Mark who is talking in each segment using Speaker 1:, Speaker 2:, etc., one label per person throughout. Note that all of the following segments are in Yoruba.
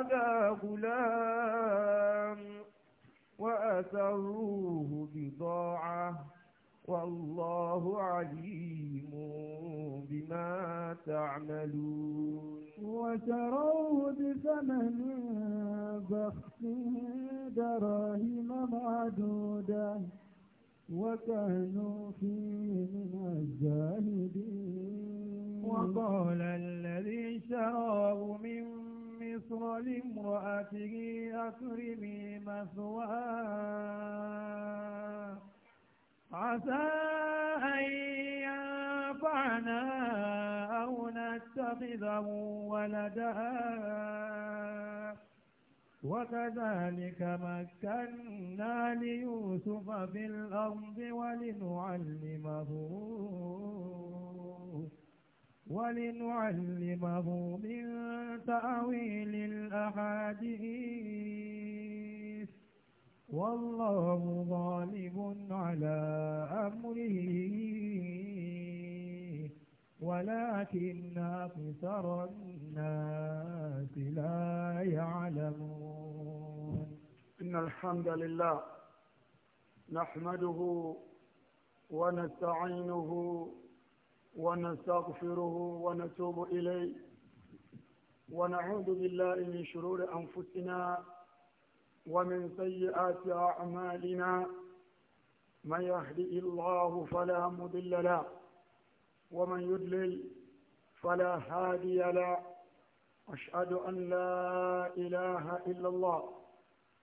Speaker 1: هذا غلام وأسروه بضاعة والله عليم بما تعملون وشروه بثمن بخس دراهم معدودة وكانوا فيه من الزاهدين وقال الذي شراه من مصر لامرأته أكرمي مثواه عسى أن ينفعنا أو نتخذه ولدا وكذلك مكنا ليوسف في الأرض ولنعلمه ولنعلمه من تأويل الأحاديث والله غالب على أمره ولكن أكثر الناس لا يعلمون إن الحمد لله نحمده ونستعينه ونستغفره ونتوب إليه ونعوذ بالله من شرور أنفسنا ومن سيئات أعمالنا من يهدئ الله فلا مضل له ومن يضلل فلا هادي له أشهد أن لا إله إلا الله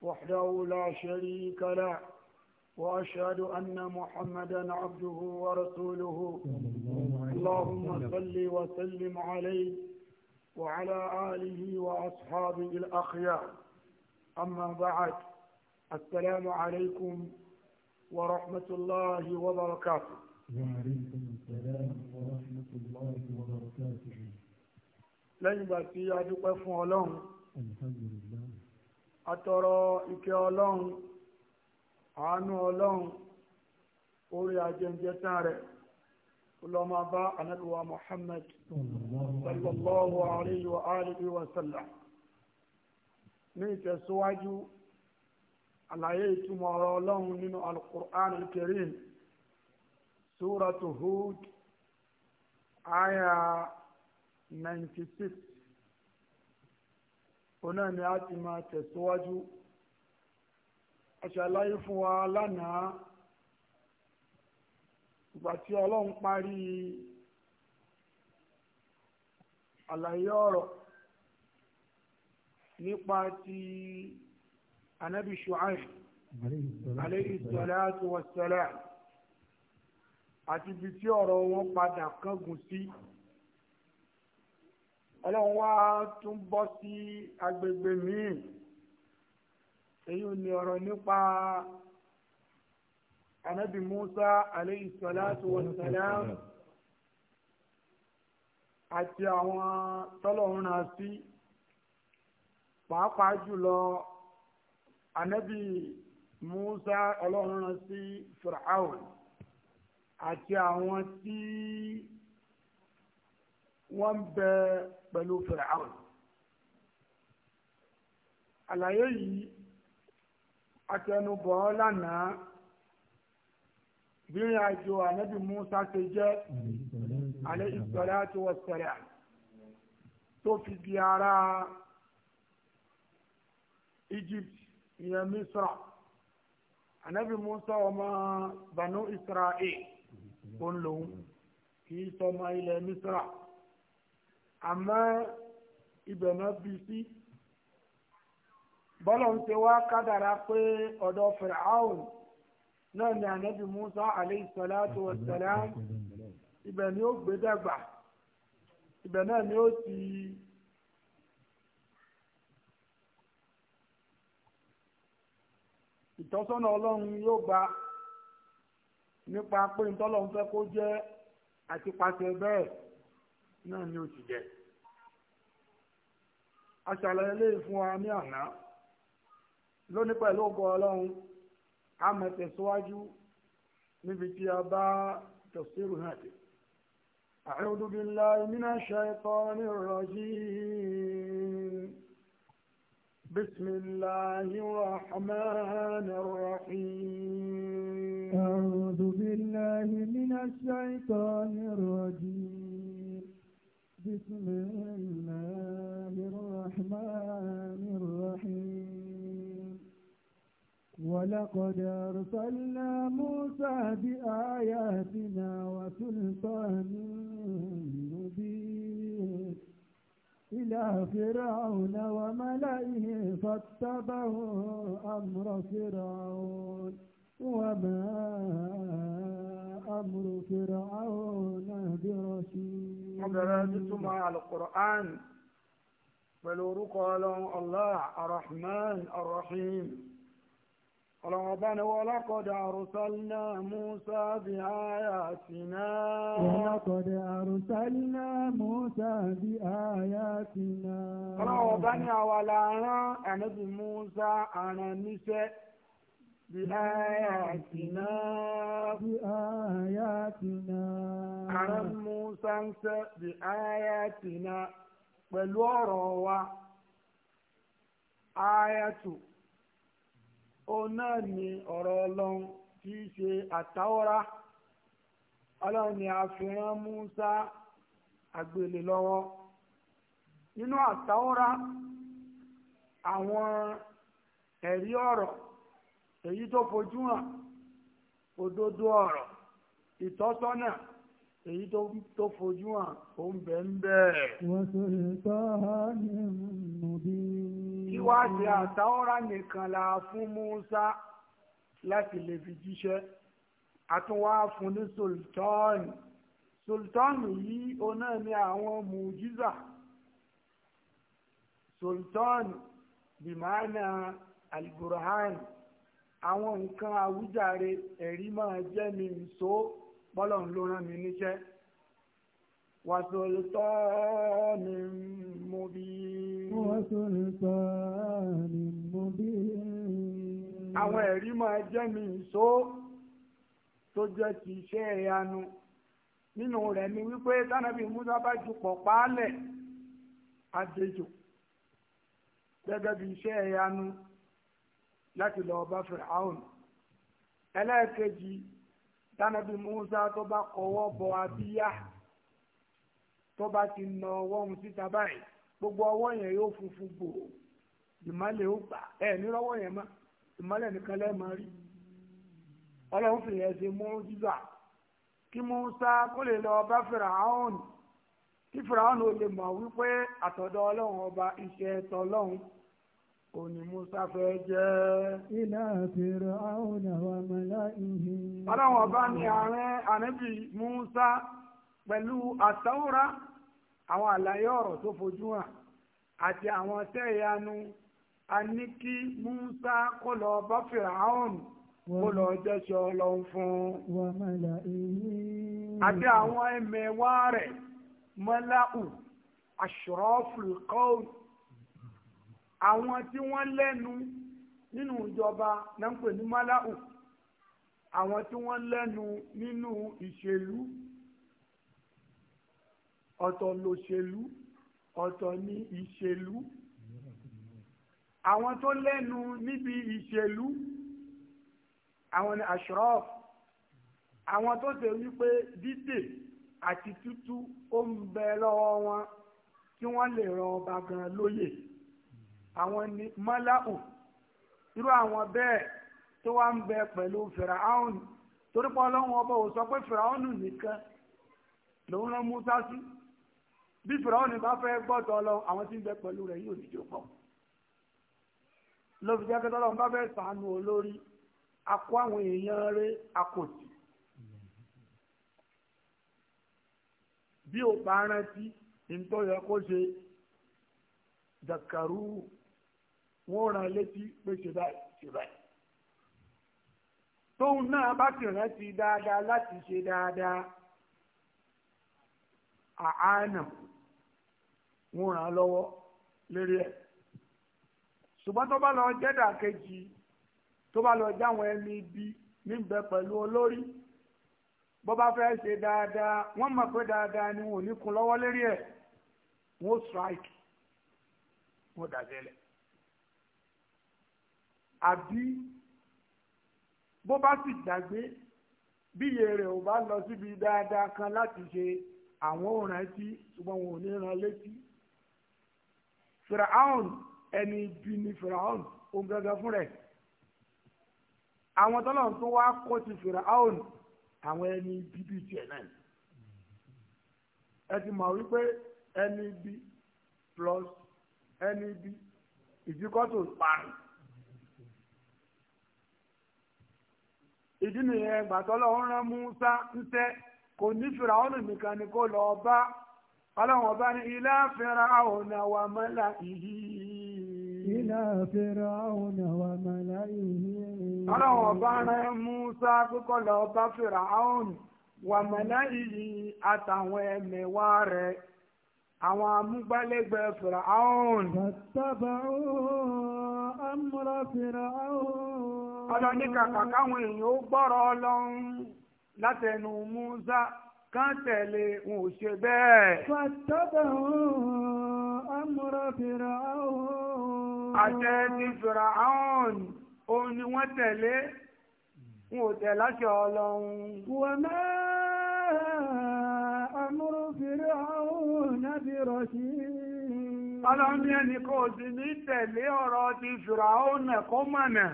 Speaker 1: وحده لا شريك له وأشهد أن محمدا عبده ورسوله اللهم صل وسلم عليه وعلى آله وأصحابه الأخيار أما بعد السلام عليكم ورحمة الله وبركاته وعليكم السلام ورحمة الله وبركاته لن في أدوك فون الحمد لله أترى إكي àánú ọlọ́run orí ajẹ́jẹta rẹ̀ ọlọ́mà bá anábíwá Muhammad sallallahu alayhi wa alihi wa sallam ní ìtẹ̀síwájú àlàyé ìtumọ̀ ọ̀rọ̀ ọlọ́run nínú al-Qur'an al-Karim suratu aya 96 ọ̀nà ni a ti máa tẹ̀síwájú aṣàlàyé fún wa lánàá ìgbà tí ọlọ́run parí àlàyé ọ̀rọ̀ nípa ti anabi Shu'aib alayhi salatu wassalam àti ibi tí ọ̀rọ̀ wọn padà kángun sí ọlọ́run wá tún bọ́ sí agbègbè míì èyí ni ọ̀rọ̀ nípa anabi musa aleyhi salatu wa salam àti àwọn tọ́lọ̀hún náà sí pàápàá jùlọ anabi musa ọlọ́run náà sí fir'aun àti àwọn tí wọ́n ń bẹ pẹ̀lú fir'aun àlàyé yìí atẹnubọ̀ lánàá ìrìn àjò ànábì Musa ṣe jẹ́ alẹ́ ìsọ̀rẹ́ àti wọ́sẹ̀rẹ́ tó fi di ara Egypt ìyẹn Misra ànábì Musa ọmọ Banu Israel ó ń lòun kì í sọmọ ilẹ̀ Misra àmọ́ ibẹ̀ náà bí sí. bọ́lọ̀n ti wá kádàrá pé ọ̀dọ̀ náà ni ànábì Musa alayhi salatu ibẹ̀ ni ó gbé dàgbà ibẹ̀ náà ni ó ti ìtọ́sọ́nà ọlọ́run yóò gba nípa pé ntọ́lọ́run fẹ́ kó jẹ́ àti pàṣẹ bẹ́ẹ̀ lónìí pẹ̀lú ògo ọlọ́run a máa tẹ̀síwájú níbi tí a bá tafsiru hàn dé. أعوذ بالله من الشيطان الرجيم بسم الله الرحمن الرحيم أعوذ بالله من الشيطان الرجيم بسم الله الرحمن الرحيم ولقد أرسلنا موسى بآياتنا وسلطان مبين إلى فرعون وملئه فاتبعوا أمر فرعون وما أمر فرعون برشيد حضراتكم على القرآن فلورق الله الرحمن الرحيم ربنا وَلَقَدْ أَرْسَلْنَا مُوسَى بِآيَاتِنَا وَلَقَدْ أَرْسَلْنَا مُوسَى بِآيَاتِنَا ربنا ولا نبي موسى أنا نسى بآياتنا بآياتنا أنا موسى بآياتنا pẹ̀lú ọ̀rọ̀ wa ayatu òun náà ni ọ̀rọ̀ ọlọ́run tí í ṣe àtàwọ́rá ọlọ́run ni àfihàn Musa àgbèlè lọ́wọ́ nínú àtàwọ́rá àwọn ẹ̀rí ọ̀rọ̀ èyí tó fojú hàn òdodo ọ̀rọ̀ ìtọ́sọ́nà èyí tó fojú hàn ó ń bẹ ń bẹ́ẹ̀. wọ́n ṣe lè tọ́ ní ìmọ̀bí. kí wá ṣe àtàwọ́rá nìkan la fún Musa láti lè fi jíṣẹ́ àtúnwá fún ní sultani sultani yìí oná ní àwọn mùjíza sultani bìmánà alburhan àwọn nǹkan àwùjáre ẹ̀rí máa jẹ́ mi nìṣó. So, bọ́lọ̀ ló rán mi níṣẹ́ wàsòlùtọ́ ni mo bí wàsòlùtọ́ ni mo bí àwọn ẹ̀rí máa jẹ́ mi ìṣó tó jẹ́ ti iṣẹ́ ìyanu nínú rẹ̀ ni wípé tánàbí Musa bá ju pọ̀ paálẹ̀ àjèjò gẹ́gẹ́ bí iṣẹ́ ìyanu láti lọ bá Fìràhùn ẹlẹ́ẹ̀kejì tánàbí Musa tó bá kọwọ́ bọ abíyá tó bá ti nà ọwọ́ mu síta báyìí gbogbo ọwọ́ yẹn yóò funfun gbò ìmọ̀lẹ̀ ó gbà ẹ̀ nírọ́wọ́ yẹn mọ́ ìmọ̀lẹ̀ nìkan lẹ́ẹ̀ máa rí ọlọ́run fi yẹn ṣe mùjísà kí Musa kó lè lọ bá Fìràhàn kí Fìràhàn ò lè mọ̀ wípé àtọ̀dọ̀ ọlọ́run ọba iṣẹ́ tọ́lọ́run òní Musa fẹ́ jẹ́. ilá fèrè àwọn àwọn àmàlà ìhì. ọlọ́wọ́n ọba ní ààrẹ ànábì Musa pẹ̀lú àtàwòrá àwọn àlàyé ọ̀rọ̀ tó fojú hàn àti àwọn tẹ́ẹ̀yanu a ní kí Musa kó lọ bá fèrè àwọn kó lọ jẹ́sọ lọ́n fún. wàmàlà ìhì. àti àwọn ẹ̀mẹ̀wá rẹ̀ mọ́láhù àṣùrọ̀ fìlkọ́ọ̀lù àwọn tí wọ́n lẹ́nu nínú ìjọba náà ń pè ní malau àwọn tí wọ́n lẹ́nu nínú ìṣèlú ọ̀tọ̀ lòṣèlú ọ̀tọ̀ ni ìṣèlú àwọn tó lẹ́nu níbi ìṣèlú àwọn ni ashraf àwọn tó ṣe wípé dídè àti tútú ó ń bẹ lọ́wọ́ wọn tí wọ́n lè rọ ọba gan lóyè àwọn ni mọ́láhù irú àwọn bẹ́ẹ̀ tó wá ń bẹ pẹ̀lú fìràhùn torí pé ọlọ́run ọba ò sọ pé fìràhùn nìkan lòun rán Musa sí bí fìràhùn bá fẹ́ gbọ́dọ̀ ọlọ́run àwọn tí ń bẹ pẹ̀lú rẹ̀ yóò níjó pọ̀ ló fi jẹ́ pé tọ́lọ́run bá fẹ́ sàánú olórí akó àwọn èèyàn rẹ̀ akòtì bí ò bá rántí ní yẹ kó ṣe dàkàrú wọ́n rán létí pé ṣe báyìí ṣe báyìí tóun náà bá ti rántí dáadáa láti ṣe dáadáa àánà wọ́n ràn án lọ́wọ́ lérí ẹ̀ ṣùgbọ́n tó bá lọ jẹ́dà kejì tó bá lọ jáwọn ẹni bí níbẹ̀ pẹ̀lú olórí bó bá fẹ́ ṣe dáadáa wọ́n mọ̀ pé dáadáa ni wọn ò ní kun lọ́wọ́ lérí ẹ̀ wọ́n strike wọ́n dàgẹ́lẹ̀ àbí bó bá sì gbàgbé bíyè rẹ̀ ò bá lọ síbi dáadáa kan láti ṣe àwọn ò rántí ṣùgbọ́n wọn ò ní ran létí. firaun ẹni ibi ni firaun òun gẹ́gẹ́ fún rẹ̀ àwọn tọ́lọ̀ tó wá kó ti firaun àwọn ẹni ibi bíi tiẹ̀ náà ẹ ti mọ̀ wípé ẹni ibi plus ẹni ibi ìdíkọ́ tó parun. ìdí nìyẹn gbàtọ́lọ́ ń rán Musa ń kò ní fìràwọ́nù nìkan ni kó lọ bá ọlọ́run ọba ní ilá Fir'auna wa mala'ihi. ilá ọlọ́run ọba rán Musa kókó bá àtàwọn ẹ̀mẹ̀wá rẹ̀ àwọn amúgbálẹ́gbẹ̀ ọlọ́ni kàkà káwọn èèyàn ó gbọ́rọ̀ ọlọ́run látẹnu Musa kán tẹ̀lé wọn ò ṣe bẹ́ẹ̀. pàtàkì amúra fìrà áhùn. àtẹ ti fìrà áhùn òun ni wọ́n tẹ̀lé wọn ò tẹ̀ láṣẹ ọlọ́run. wọ́n máa amúra fìrà áhùn nábì rọ̀ṣì.
Speaker 2: ọlọ́run ní ẹnì
Speaker 1: kan ò sì ní tẹ̀lé ọ̀rọ̀ ti fìrà áhùn ẹ̀kọ́ mọ̀nà.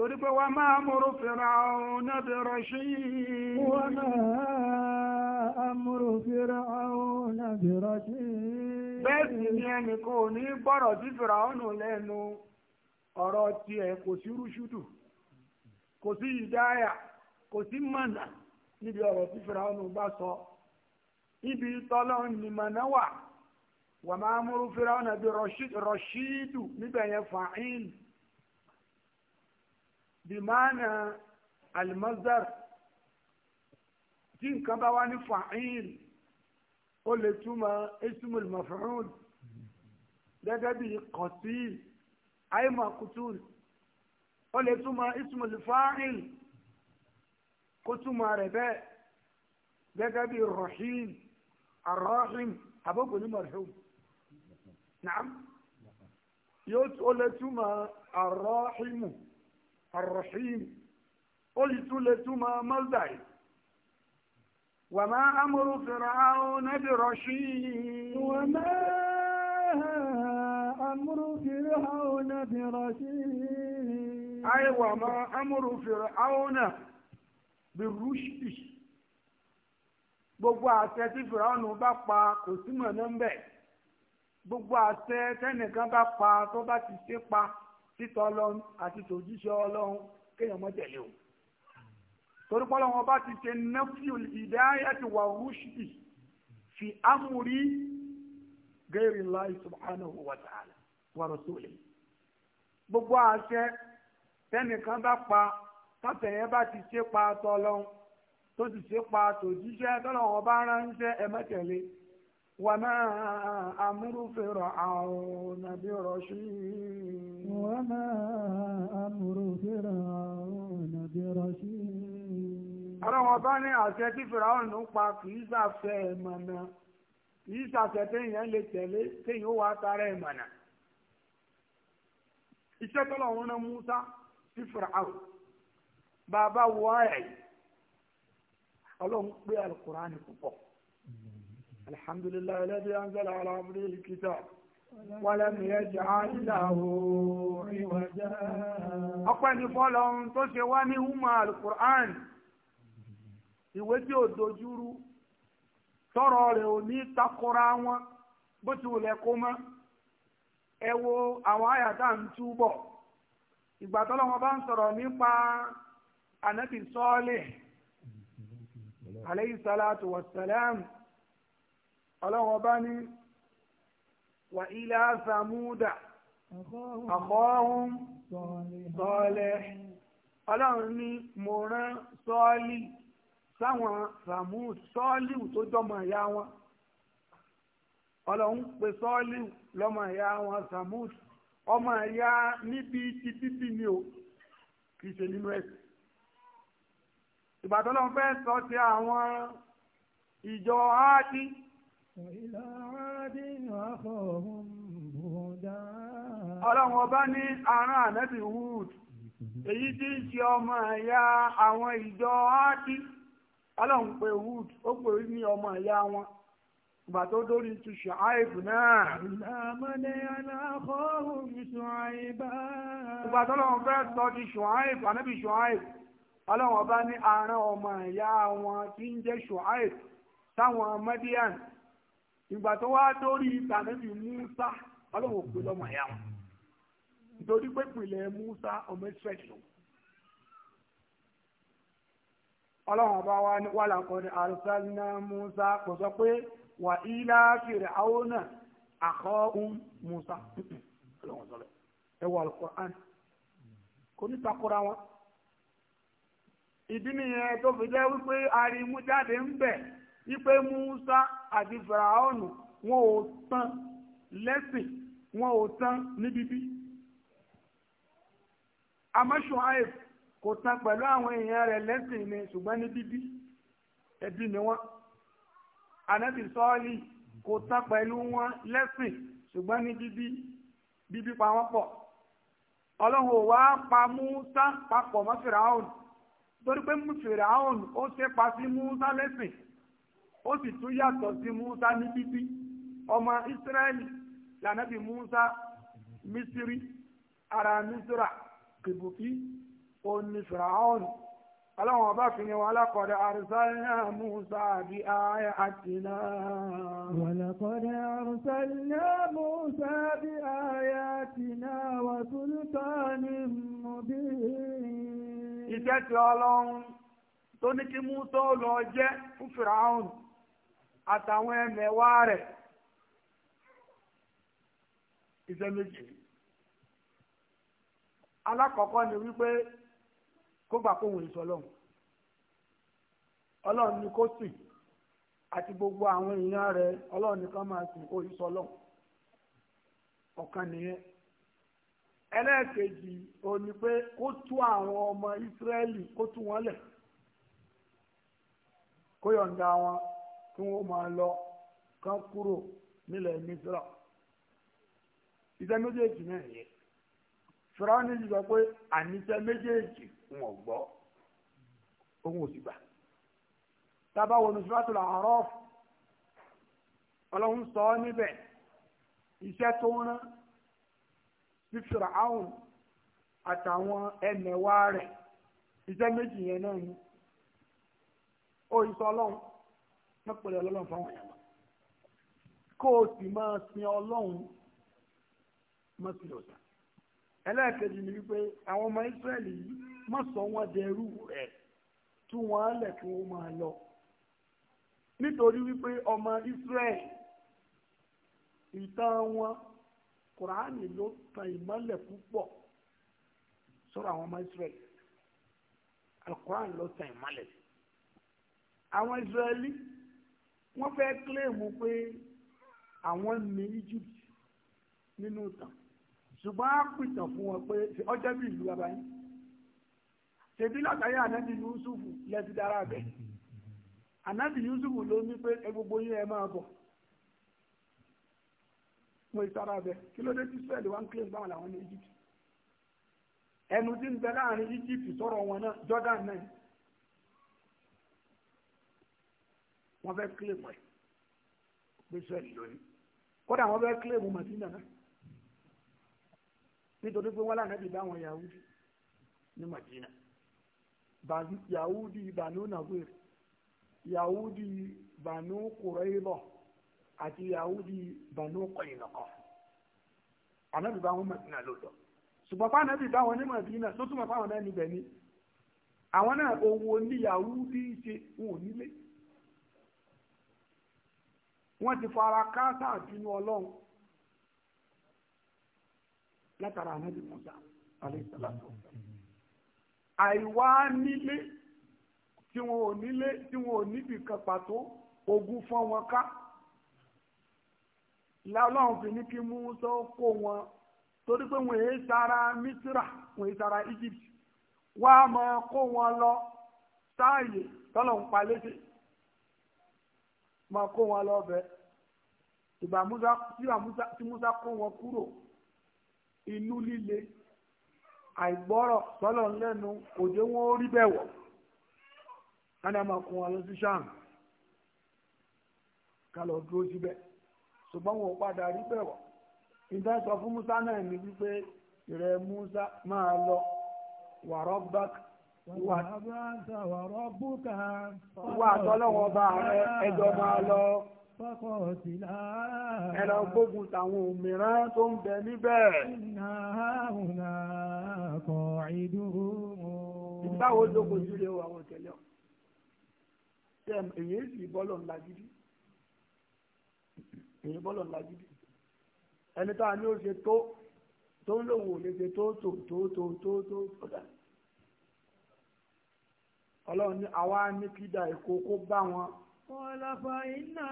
Speaker 1: torí pé wà máa múrú Fir'auna bi rashid wà máa múrú ni ẹnì ò ní gbọ́rọ̀ sí Fir'auna lẹ́nu ọ̀rọ̀ tiẹ̀ kò sí rúṣùdù kò sí ìdáyà kò sí mọ̀nà níbi ọ̀rọ̀ tí bá sọ ibi tọ́lọ́ ni mọ̀nà wà wà máa múrú Fir'auna bimana almazar tí nǹkan bá wá ní fa'il ó lè túmọ̀ ismul maf'ul gẹ́gẹ́ bí qatil ay maqtul ó lè túmọ̀ ismul fa'il kó túmọ̀ rẹ̀ bẹ́ẹ̀ gẹ́gẹ́ bí rahim arrahim àbókò ní marhum naam yóò ó lè túmọ̀ arrahimu arrahim ó lè tún lè túmọ̀ mọ́sà yìí wà máa amúrú fir'aun bi rashid. wà máa amúrú fir'aun bi rashid. ayé wà máa amúrú fir'aun bi rushdi gbogbo àṣẹ tí fìràwọnù bá pa kò símọ̀ náà ń bẹ̀ gbogbo àṣẹ tẹnìkan bá pa tó bá ti ṣe pa títọ́ ọlọ́run àti tòjíṣẹ́ ọlọ́run kéèyàn mọ́ tẹ̀lé o torí pé ọlọ́run ọba ti ṣe nẹ́fíù hidayati wa rushdi fi amúrí ghairi Allahi subhanahu wa ta'ala wa rasulihi gbogbo àṣẹ tẹnìkan bá pa tọ́tẹ̀yẹ bá ti ṣe pa tọ́lọ́run tó ti ṣe pa tòjíṣẹ́ tọ́lọ́run ọba ránṣẹ́ ẹ mọ́ tẹ̀lé o. وما أمر فرعون برشيد وما أمر فرعون برشيد ọlọ́wọ́n bá ní àṣẹ tí fìràwọ̀n ló pa kì í ṣàfẹ́ ẹ̀mọ̀nà kì í ṣàṣẹ téèyàn lè tẹ̀lé téèyàn ó wà á الحمد لله الذي أنزل على عبده الكتاب
Speaker 2: ولم يجعل
Speaker 1: له عوجا ọpẹ́ ni fọ́lọ́run tó ṣe wá ní umar al-Qur'an ìwé tí ò dojúrú tọrọ rẹ̀ ò ní takora wọn bó ti wùlẹ̀ kó mọ́ ẹ wo àwọn àyàtà ń túbọ̀ ìgbà tọ́lọ́wọ́n bá ń sọ̀rọ̀ nípa anabi sọ́ọ̀lẹ̀ aleyhi salatu wa salam ọlọ́run ọba ní wà ilá Samuda àkọ́hún sọ́ọ̀lẹ̀ ọlọ́run ní mo rán sọ́ọ̀lì sáwọn Samud sọ́ọ̀lì tó jọmọ ìyá wọn ọlọ́run pe sọ́ọ̀lì lọ́mọ ìyá wọn Samud ọmọ ìyá níbi ti bíbí ni o kì ṣe nínú ẹ̀sìn ìgbà tó fẹ́ sọ ti àwọn ìjọ áádìí. Ọlọ́run ọba ní arán ànẹ́bì Wood, èyí tí ń ṣe ọmọ ẹ̀yà àwọn ìjọ áàtì, ọlọ́run pé Wood, ó pè ní ọmọ ẹ̀yà wọn, ìgbà tó dórí ti ṣàáìbù náà. Ìlàmọ́lẹ̀ aláàkọ́hùn ṣùáìbá. Ìgbà tó lọ́run fẹ́ sọ ti ṣùáìbù, ànẹ́bì ṣùáìbù, ọlọ́run ọba ní arán ọmọ ẹ̀yà wọn tí ń jẹ́ ṣùáìbù táwọn Mẹ́díàn ìgbà tó wá dórí ìtànẹ́bì Musa ọlọ́wọ́ pé lọ́mọ ẹ̀yà wọn nítorí pé pìlẹ̀ Musa ọmọ ìsírẹ́lì ọlọ́wọ́n bá wá ní wàhálà kan ní arsalna Musa kò sọ pé wà ilá Fir'auna akhahum Musa ọlọ́wọ́n sọ bẹ́ẹ̀ ẹ wọ al kò ní takora wọn ìdí nìyẹn tó fi jẹ́ wípé arimu ń bẹ̀ ipe Musa àti Firaonu wọn ò tán lẹ́sìn wọn ò tán ní bíbí àmọ́ Ṣuaib kò tán pẹ̀lú àwọn èèyàn rẹ̀ lẹ́sìn ni ṣùgbọ́n ní bíbí ẹbí ni wọ́n Ànábì Sọ́ọ́lì kò tán pẹ̀lú wọn lẹ́sìn ṣùgbọ́n ní bíbí bíbí pa wọ́n pọ̀ ọlọ́run ò wá pa Musa papọ̀ mọ́ Firaonu torí pé Firaonu ó ṣe pa sí Musa lẹ́sìn ó sì tún yàtọ̀ sí Musa ní bíbí ọmọ Ísírẹ́lì lànàbí Musa Misiri ara Misira kìbùkì òní Fìràhọ́nù ọlọ́run ọba fi ni wọn alákọ̀ọ́dẹ àrùsálẹ́ Musa bí ayé àti náà. ولقد أرسلنا موسى بآياتنا وسلطان مبين. Iṣẹ́ ti ọlọ́run tó ní kí Musa lọ jẹ́ fún Fìràhọ́nù. àtàwọn ẹmẹ̀wá rẹ̀ iṣẹ́ méjì alákọ̀ọ́kọ́ ni wípé kó gbà kó wòye ọlọ́run gbogbo àwọn èèyàn rẹ̀ ọlọ́run nìkan máa sìn òye sọlọ́run ọ̀kan nìyẹn ẹlẹ́ẹ̀kejì àwọn ọmọ ìsírẹ́lì kó wọn lẹ̀ kó yọ̀ǹda wọn tí wọ́n máa lọ kán kúrò nílẹ̀ Mísírà iṣẹ́ méjèèjì náà yẹ fúráwọn èjì sọ pé àníṣẹ́ méjèèjì wọn gbọ́ ohun òsì gbà tábà wọnú Suratul A'raf ọlọ́run sọ ọ́ níbẹ̀ iṣẹ́ tó ń rán sí fúráwọn àtàwọn ẹnẹ̀wá rẹ̀ iṣẹ́ méjì yẹn náà ni ó ìsọ ọlọ́run mọ́pẹ̀lẹ̀ ọlọ́run fáwọn èèyàn kó o sì máa sin ọlọ́run má sí ọ̀tá ẹlẹ́ẹ̀kejì ni wípé àwọn ọmọ ìsírẹ́lì yìí má sọ wọn dẹrú rẹ̀ tú wọn á lẹ̀ kí wọ́n máa lọ nítorí wípé ọmọ ìsírẹ́lì ìtàn wọn kùránì ló tan ìmọ́lẹ̀ púpọ̀ sọ̀rọ̀ àwọn ọmọ ìsírẹ́lì alukùránì ló tan ìmọ́lẹ̀ àwọn ìsírẹ́lì wọ́n fẹ́ kílèmù pé àwọn ní Egypt nínú ìtàn ṣùgbọ́n á pìtàn fún wọn pé ọjọ́ bí ìlú bàbá yín ṣèbí látàrí ànábì Yusuf lẹ́ti dára bẹ̀ ànábì Yusuf ló ní pé ẹ gbogbo yín ẹ máa bọ̀ mo ìtara bẹ̀ kí ló dé tí Israel wá ń kílèmù báwọn làwọn ní Egypt ẹnu tí ń bẹ láàrin Egypt sọ̀rọ̀ wọn náà Jordan náà wọ́n fẹ́ kílèmù ẹ̀ pé sẹ́ẹ̀lì lónìí kódà wọ́n fẹ́ kílèmù màdínà náà nítorí pé wọ́n lànà ti bá yahudi ní màdínà yahudi banu nazir yahudi banu kùrẹ́bọ̀ àti yahudi banu kọ̀yìnàkọ̀ ànábì bá wọn màdínà lọ́dọ̀ ṣùgbọ́n fáwọn ànábì bá wọn ní màdínà tó túmọ̀ fáwọn náà níbẹ̀ ni àwọn náà owó ní yahudi ṣe wọn ò nílé wọ́n ti fara káásá àtinú ọlọ́run látara ànábì Mùsá aláìsàlátù àìwá nílé tí wọn ò nílé tí wọn ò níbi kan pàtó ogun fọ́n wọn ká lọ́lọ́run fi ní kí Mùsá kó wọn torí pé wọn èé sara Mísírà wọn èé sara Egypt wọ́n á máa kó wọn lọ sáàyè tọ́lọ̀ ń pa máa kó wọn lọ bẹ ìgbà tí Musa kó wọn kúrò inú líle àìgbọ́rọ̀ sọ́lọ̀ lẹ́nu kò jẹ́ wọn ó rí bẹ́ẹ̀ wọ̀ wọn á máa kó wọn lọ sí ṣáà ká lọ dúró síbẹ̀ ṣùgbọ́n wọn ò padà rí bẹ́ẹ̀ ìdá sọ fún Musa náà ní wípé ìrẹ̀ Musa máa lọ wàrọ̀ bákì. Ìwà àtọ́lọ́wọ́ bá ẹjọ́ máa lọ. Ẹ lọ gbógun tàwọn òmìrán tó ń bẹ níbẹ̀. Ìgbàwo jókòó sílé àwọn tẹ̀lé ọ̀. Èyí sì bọ́lọ̀ ńlá gidi. Èyí bọ́lọ̀ ńlá gidi. Ẹni tá a ní ó ṣe tó, tó ń lòun ò lè ṣe tó tó tó tó tó tó tó dáa ọlọ́run ní àwa ní pídà èkó kó bá wọn. ọlọ́fà iná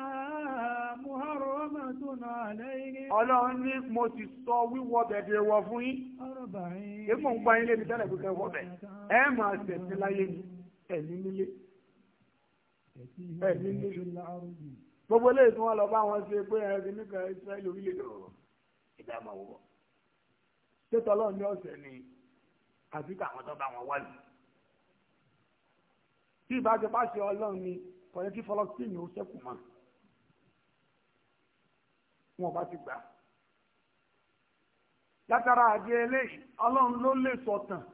Speaker 1: muharo ọmọ tó nà lẹ́yìn. ọlọ́run ní mo ti sọ wíwọ bẹ̀dẹ̀ wọ fún yín. èmi ò ń gba ilé mi tẹ́lẹ̀ pé kẹ́ bẹ̀. ẹ máa tẹ̀sí láyé mi ẹ̀mí nílé. ẹ̀mí nílé. gbogbo eléyìí tí lọ bá wọn ṣe pé ẹ̀rí nígbà israẹli orílẹ̀-èdè ọ̀rọ̀ ìdá àmọ́ wọ̀. ṣé tọ́lọ́ ní ọ̀sẹ̀ ni àbí káwọn tó bá wọn wá lù tí ìbájọba ṣe ọlọ́run ni kọ̀yẹ́ kí fọlọ́sìn yìí ó ṣẹ́kù mọ́ wọn bá ti gbà látara àdé eléyìí ọlọ́run ló lè sọ̀tàn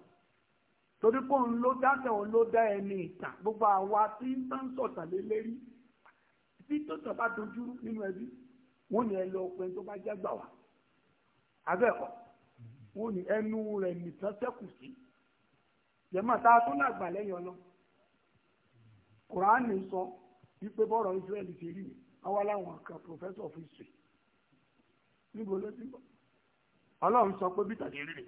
Speaker 1: torí pé òun ló dáṣẹ òun ló dá ẹni ìtàn gbogbo àwa tí ń bá ń sọ̀tàn lé lérí tí tó tàn bá dojú nínú ẹbí wọn ni ẹ lọ pé tó bá jẹ́ gbà wá abẹ́ẹ̀kọ́ wọn ni ẹnu rẹ̀ nìkan sẹ́kù sí jẹ́mọ̀ tá a tún lágbà lẹ́yìn ọlọ́run kùránì sọ wípé bọ́ọ̀rọ̀ israẹli ti rí mi àwa láwọn kan professor of history níbo ló ti bọ̀ ọlọ́run sọ pé bí tàbí rí rè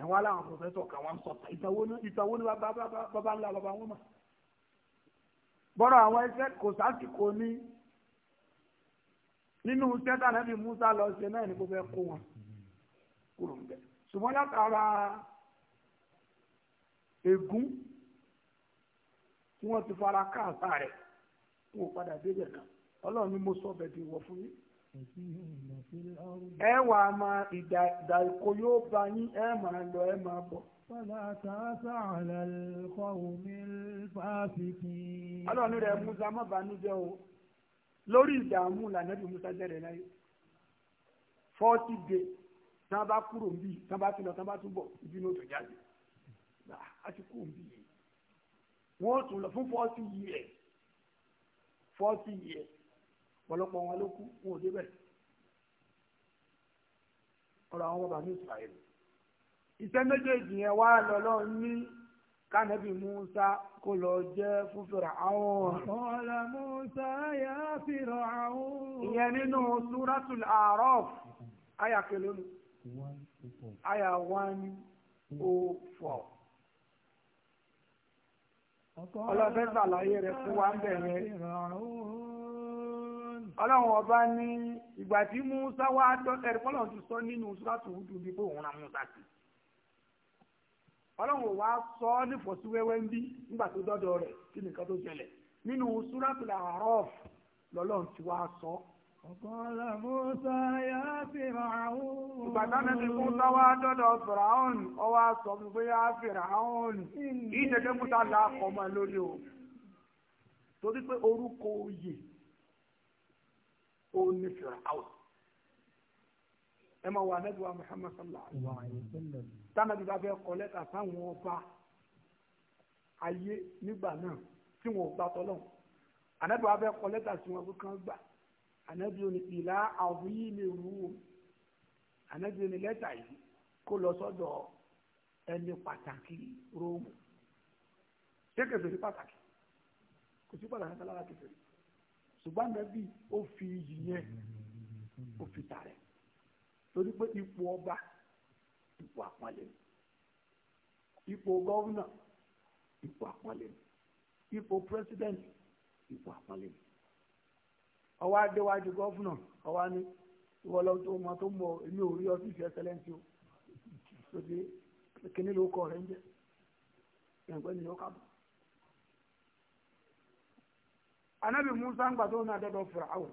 Speaker 1: ẹ̀ wá láwọn professor kan wọ́n sọ ìtàwó ní ìtàwó ní bàbá ńlá bàbá wọn mà bọ́ọ̀rọ̀ àwọn ẹsẹ̀ kò sásìkò ní nínú tẹ́tà nàbì Musa lọ ṣe náà ni kò fẹ́ kó wọn kúrò ń bẹ̀ ṣùgbọ́n látara ègún tí wọ́n ti fara káàtà rẹ̀ wọn ò padà débẹ̀ kan ọlọ́run ni mo sọ bẹ̀ ti wọ̀ fún yín. ẹ wà á máa ìdà ìkó yóò bá yín ẹ máa lọ ẹ máa bọ̀. Fọlá tààtà àlàlùkọ́ omi fáfikì. Ọlọ́run rẹ̀ Musa má bànújẹ́ o. Lórí ìdààmú lànàbí Musa jẹ́rẹ̀ láyé. Fọ́tí dé tán bá kúrò ń bì tán bá tún lọ tán bá tún bọ̀ ìbínú òtò jáde. Àti kúrò ń bì yìí wọ́n tún lọ fún forty years forty years ọ̀pọ̀lọpọ̀ wọn ló kú wọn ò débẹ̀ ọ̀rọ̀ àwọn bàbá ní Ísírẹ́lì iṣẹ́ méjèèjì yẹn wá lọ́lọ́ ní kánẹ́bì Musa kó lọ jẹ́ fún Fíráúnà. ọ̀la Musa yà Fíráúnà. ìyẹn nínú Suratul Araf àyà kẹlẹ́nu àyà one oh four. ọlọ́fẹ́ sàlàyé rẹ̀ fún wa ń bẹ̀rẹ̀ ọlọ́run ọba ní ìgbà tí musa wá dọ́tẹ̀rì fọlọ́run ti sọ nínú sùràtù hudu bí pé musa sí ọlọ́run wa sọ ọ́ nífọ̀sí wẹ́wẹ́ ń bí nígbà tó dọ́dọ̀ rẹ̀ kí nìkan tó ṣẹlẹ̀ nínú sùràtù làárọ̀ lọ́lọ́run ti wá sọ ọ́. Ọ̀kọ́lá Mọ́sá yá Fìràhún. Ìgbàtà nẹ́bí fún lọ́wọ́ dọ́dọ̀ Fìràhún, ọwọ́ sọ fún pé yá Fìràhún. Ìjẹ̀jẹ̀ Mọ́sá là kọ́mọ lórí o. Torí pé orúkọ oyè ó ní Fìràhún. Ẹ máa wà nẹ́bí wa Mùhàmmad sallallahu Tánàbí bá fẹ́ kọ́ lẹ́tà sáwọn ọba ayé nígbà náà tí wọn ò gbà Ànẹ́bí wa fẹ́ kọ́ lẹ́tà sí wọn kó kán gbà ànábì òní ìlà àwílì rúù ànábì òní lẹ́tà yìí kó lọ sọ́dọ̀ ẹni pàtàkì róòmù ṣé kèfèrí pàtàkì kò sí pàtàkì kan lára kèfèrí ṣùgbọ́n ànábì ó fi iyì yẹn ó fi tààrẹ̀ torí pé ipò ọba ipò àpọ́nlé ipò gọ́vnà ipò àpọ́nlé ipò pírẹsidẹ́ǹtì ipò àpọ́nlé ni ọwọ́ adéwájú gọ́fúnà ọwọ́ ni ìwọ lọ tó mọ tó mọ èmi ò rí ọfíìsì ẹsẹlẹ́ǹtì o lóde kíní ló kọ rẹ ń jẹ ẹ̀ǹgbẹ́ ni ó kábọ̀. anabi musa ń gbà tó náà dọ́dọ̀ fìràwọ̀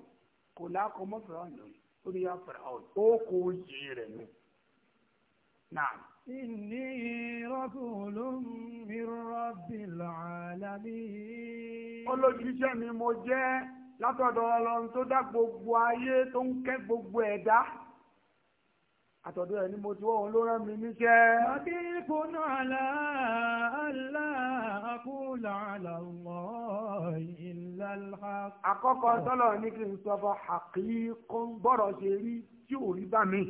Speaker 1: kò lákọ̀ mọ́ fìràwọ̀ lọ ó ní yá fìràwọ̀ ó kò yé rẹ̀ nù. náà. إني رسول من رب العالمين. Olójúṣẹ́ ni mo jẹ́ látọ̀dọ̀ ọlọ́run tó dá gbogbo ayé tó ń kẹ́ gbogbo ẹ̀dá àtọ̀dọ̀ ẹ̀ ni mo ti wọ́ òun ló rán mi níṣẹ́. àti ìfúnná àlá àlá àkúlà àlàmọ́ ìlàlá. àkọ́kọ́ tọ́lọ̀ ní kí n sọ fún àkí kó ń gbọ́rọ̀ ṣe rí tí ò rí bá mi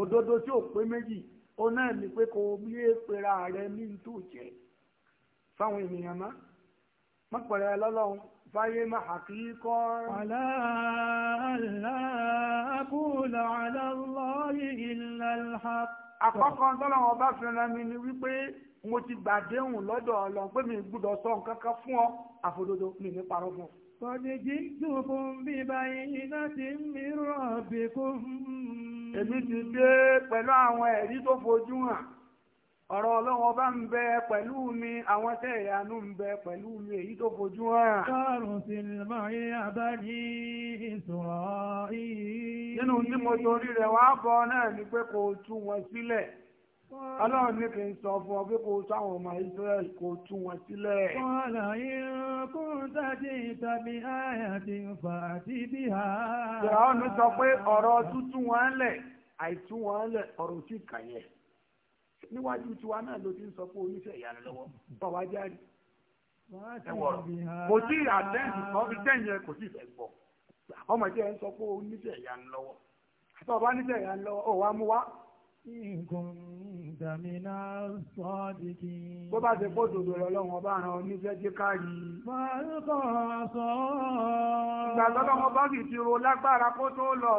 Speaker 1: òdodo tí ò pé méjì ó náà ní pé kò yé pera rẹ ní tó jẹ fáwọn ènìyàn náà má pẹ̀rẹ̀ lọ́lọ́run fáyé má àkíkọ́. Àlá àlá àkúlọ̀ àlọ́lọ́ ìlà ìhà. Àkọ́kọ́ tọ́lọ́wọ́ bá fi rán mi ni wípé mo ti gbàdéhùn lọ́dọ̀ Ọlọ́run pé mi gbúdọ̀ sọ nǹkan kan fún ọ àfòdodo mi ní parọ́ fún ọ. Kọ̀dé jí dùnkùn bí báyìí láti mìíràn bìkún. Èmi ti dé pẹ̀lú àwọn ẹ̀rí tó fojú hàn. ọ̀rọ̀ ọlọ́wọ́ bá ń bẹ pẹ̀lú mi àwọn tẹ́ ìyanu ń bẹ pẹ̀lú mi èyí tó fojú sí ìṣòro yìí. nínú tí mo torí rẹ̀ wá bọ̀ náà ni pé kò tú wọn sílẹ̀ ọlọ́run ní sọ fún ọ pé kò tú àwọn ọmọ Israel kò tú wọn sílẹ̀. kọ́lá àyà ti fà bí mi sọ pé ọ̀rọ̀ tútù wọn lẹ̀ àìtú wọn níwájú tiwa náà ló ti ń sọ fún oníṣẹ́ ìyanu lọ́wọ́ bọ̀ wá jáde. ẹwọ̀rọ̀ kò sí àtẹ́ǹtì kan fi tẹ́yìn ẹ kò sí ìfẹ́ gbọ́ ọmọ ìṣe ń sọ fún oníṣẹ́ ìyanu lọ́wọ́ àti ọba oníṣẹ́ ìyanu lọ́wọ́ ò wá mú wá. Ìgbòmìnà sọ́dìkì. Bó bá ṣe kó dòdò lọ́lọ́run ọba àrùn oníṣẹ́ jẹ́ káàrí. Mọ́lùkọ̀ sọ. Ìgbà bá sì ti ro lágbára kó tó lọ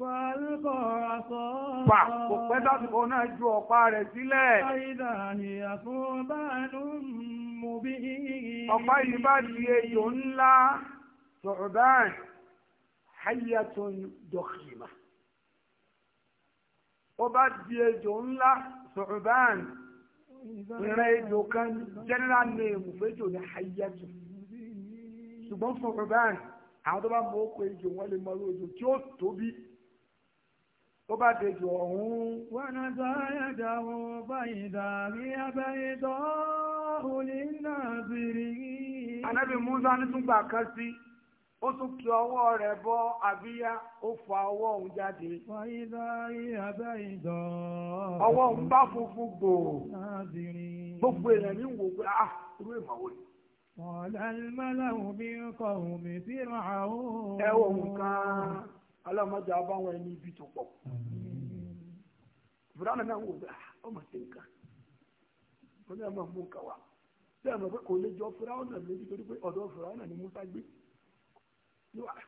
Speaker 1: Fà kò pẹ́ dásìkò náà ju ọ̀pá rẹ̀ sílẹ̀. Ọ̀pá yìí bá di ejò ńlá, Sọ̀rọ̀dán, Hayatun Dọ̀kìmà. Ó bá di ejò ńlá, Sọ̀rọ̀dán, ìrìn ejò kan, general name fẹ́jò ní Hayatun. Ṣùgbọ́n Sọ̀rọ̀dán, àwọn tó bá mọ́ oko ejò wọ́n lè mọ́ ejò tí ó tóbi tó bá dejò ọ̀hún. wọ́n á sọ ayájà wọn báyìí dàrí abẹ́yẹ tó òní náà sì rí. anábì musa ní túngbà kan sí ó tún kí ọwọ́ rẹ̀ bọ́ àbíyá ó fa ọwọ́ òun jáde. ọwọ́ òun bá funfun gbò. gbogbo èèyàn ní wò pé ah irú ìmọ̀wé. ọ̀la ìmọ̀lá omi ń kọ omi sí ìràwọ̀. ẹ wò ó alámọ̀jà abáwọn ẹni ibi tó pọ̀ ìbúránà náà wò bá ah, ọmọ sí nǹkan ó ní ọmọ mú nǹkan wá bẹ́ẹ̀ mọ̀ pé kò lè jọ fúráwọ̀nà méjì torí pé ọ̀dọ̀ fúráwọ̀nà ni Musa gbé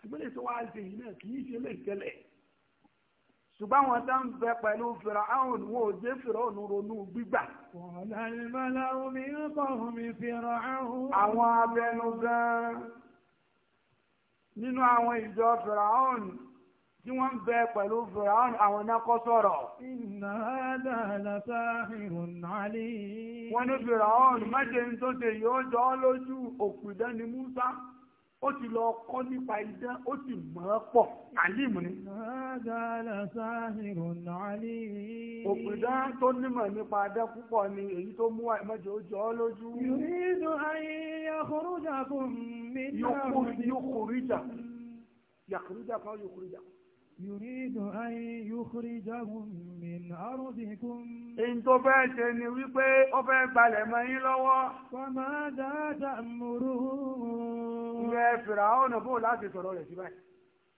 Speaker 1: ìgbélé tó wá ṣe yìí náà kì í ṣe lè tẹ́lẹ̀ ṣùgbọ́n wọn tán bẹ pẹ̀lú fìràhùn wọn ò dé fìràhùn ronú gbígbà. àwọn abẹnugan nínú àwọn ìjọ fìràhùn tí wọ́n ń bẹ pẹ̀lú fìràún àwọn nákọ́ sọ̀rọ̀. Inna hada la sahirun alim. wọ́n ní fìràún mẹ́jẹ ń tó ṣe yóò jọ ọ́ lójú òpìdán ni Musa ó ti lọ kọ́ nípa idán ó sì mọ̀ pọ̀ àlímù ni. Inna hada la sahirun alim. òpìdán tó nímọ̀ nípa adá púpọ̀ ni èyí tó mú mẹ́jẹ ó jọ ọ́ lójú. yuridu an yakhrujakum min náà. yóò kúrìjà yóò kúrìjà kan yóò يريد أن يخرجهم من أرضكم إن تفاتني ويبي أفاق بالمين لوا فماذا تأمرون يا فرعون بو لا تسروا لسباك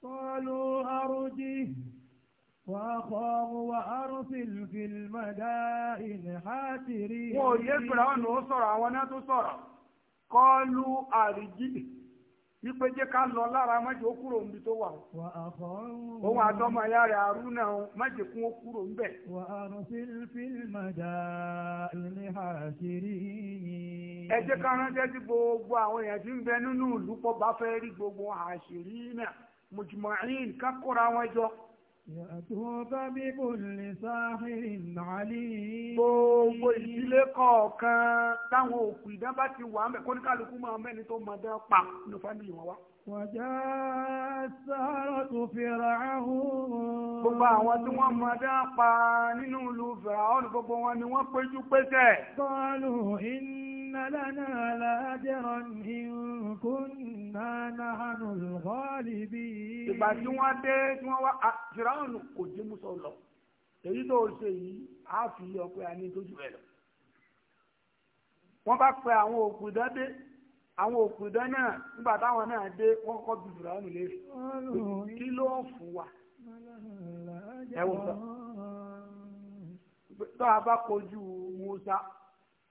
Speaker 1: قالوا أرجه وأخاه وأرسل في المدائن حاترين ويا فرعون وصرع ونات صرع قالوا أرجه ipe jẹ́ ká lọ lára mọ́jọ́ kúrò níbi tó wà. òun àtọmọ ya rẹ̀ àrùn náà mọ́jọ́ kún ó kúrò ńbẹ̀. wà á rọ fílmàjà ilé àṣírí yìí. ẹ jẹ́ ká ránṣẹ́ sí gbogbo àwọn èèyàn tí ń bẹ nínú ìlú pọ̀ bá fẹ́ rí gbogbo àṣírí náà ká kóra wọn jọ. Yàtúwọ́ bá bíbò lè sáàrì nàálì. Gbogbo ìdílé kọ̀ọ̀kan táwọn òkú ìdán bá ti wà mẹ́ kóníkàlùkù máa mẹ́ni tó mọ̀ dán pa ní fámìlì wá. وجاء السهرة فرعون gbogbo àwọn tí wọ́n mọ dá pa nínú ìlú fìràwọ́n gbogbo wọn ni wọ́n péjú pésẹ̀. qalu inna lana lajran in kunna nahnu al-ghalibin. ìgbà tí wọ́n dé tí wọ́n wá fìràwọ́n kò jẹ́ mú sọ̀rọ̀ èyí tó ṣe yìí á fi ọpẹ́ àní tó jù rẹ̀ lọ. wọ́n bá pe àwọn òkú dábẹ́ àwọn òpìdán náà nígbà táwọn náà dé wọ́n kọ́ bí fìràwọ́n lè fi kí ló fún wa ẹ̀wọ̀n sọ tá a bá kojú Musa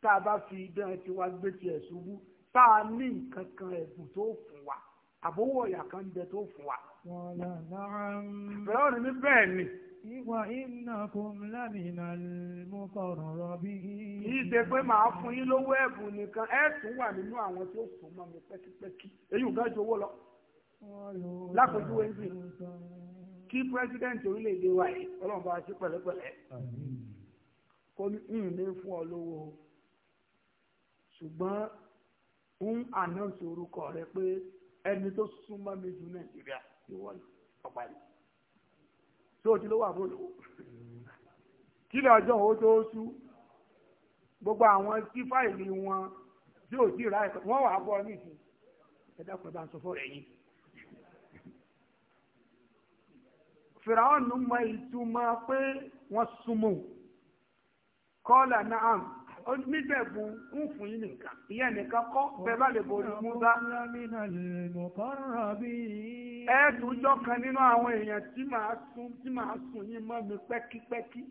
Speaker 1: tá a bá fi idán tiwa gbé tiẹ̀ ṣubú tá a ní nǹkan kan ẹ̀bùn tó fún wa àbówó ọ̀yà kan ń bẹ tó fún wa. fìràwọ́n ní bẹ́ẹ̀ ni. وإنكم لمن المقربين. Yìí ṣe pé màá fún yín lówó ẹ̀bùn nìkan ẹ̀ tún wà nínú àwọn tí ó sùn mọ́ mi pẹ́kípẹ́kí. Èyí ò ga ju owó lọ. Lákòójú wẹ́ńsì. Kí pírẹ́sídẹ̀ǹtì orílẹ̀-èdè wa yìí ọlọ́run bá wa ṣe pẹ̀lẹ́pẹ̀lẹ́. Kó ní ń ní fún ọ lówó. Ṣùgbọ́n ń àná ìṣòro kọ̀ rẹ pé ẹni tó súnmọ́ mi jù Nàìjíríà ìwọ ọ̀pá yìí. sóòtú ló wà fún olówó kílẹ̀ ọjọ́ tó sú gbogbo àwọn tí wọn tí ò tí ì wọn wà á bọ́ ní ìsìn ẹ̀dá pẹ̀lú àsọfọ́ rẹ̀ yìí. fìràwọ̀n mọ pé onígbẹ̀bù ń fún yín nìkan ìyẹn nìkan kọ́ bẹ́ẹ̀ bá lè borí múdá. ẹ tún jọ kan nínú àwọn èèyàn tí màá sún tí màá sún yín mọ́ mi pẹ́kípẹ́kí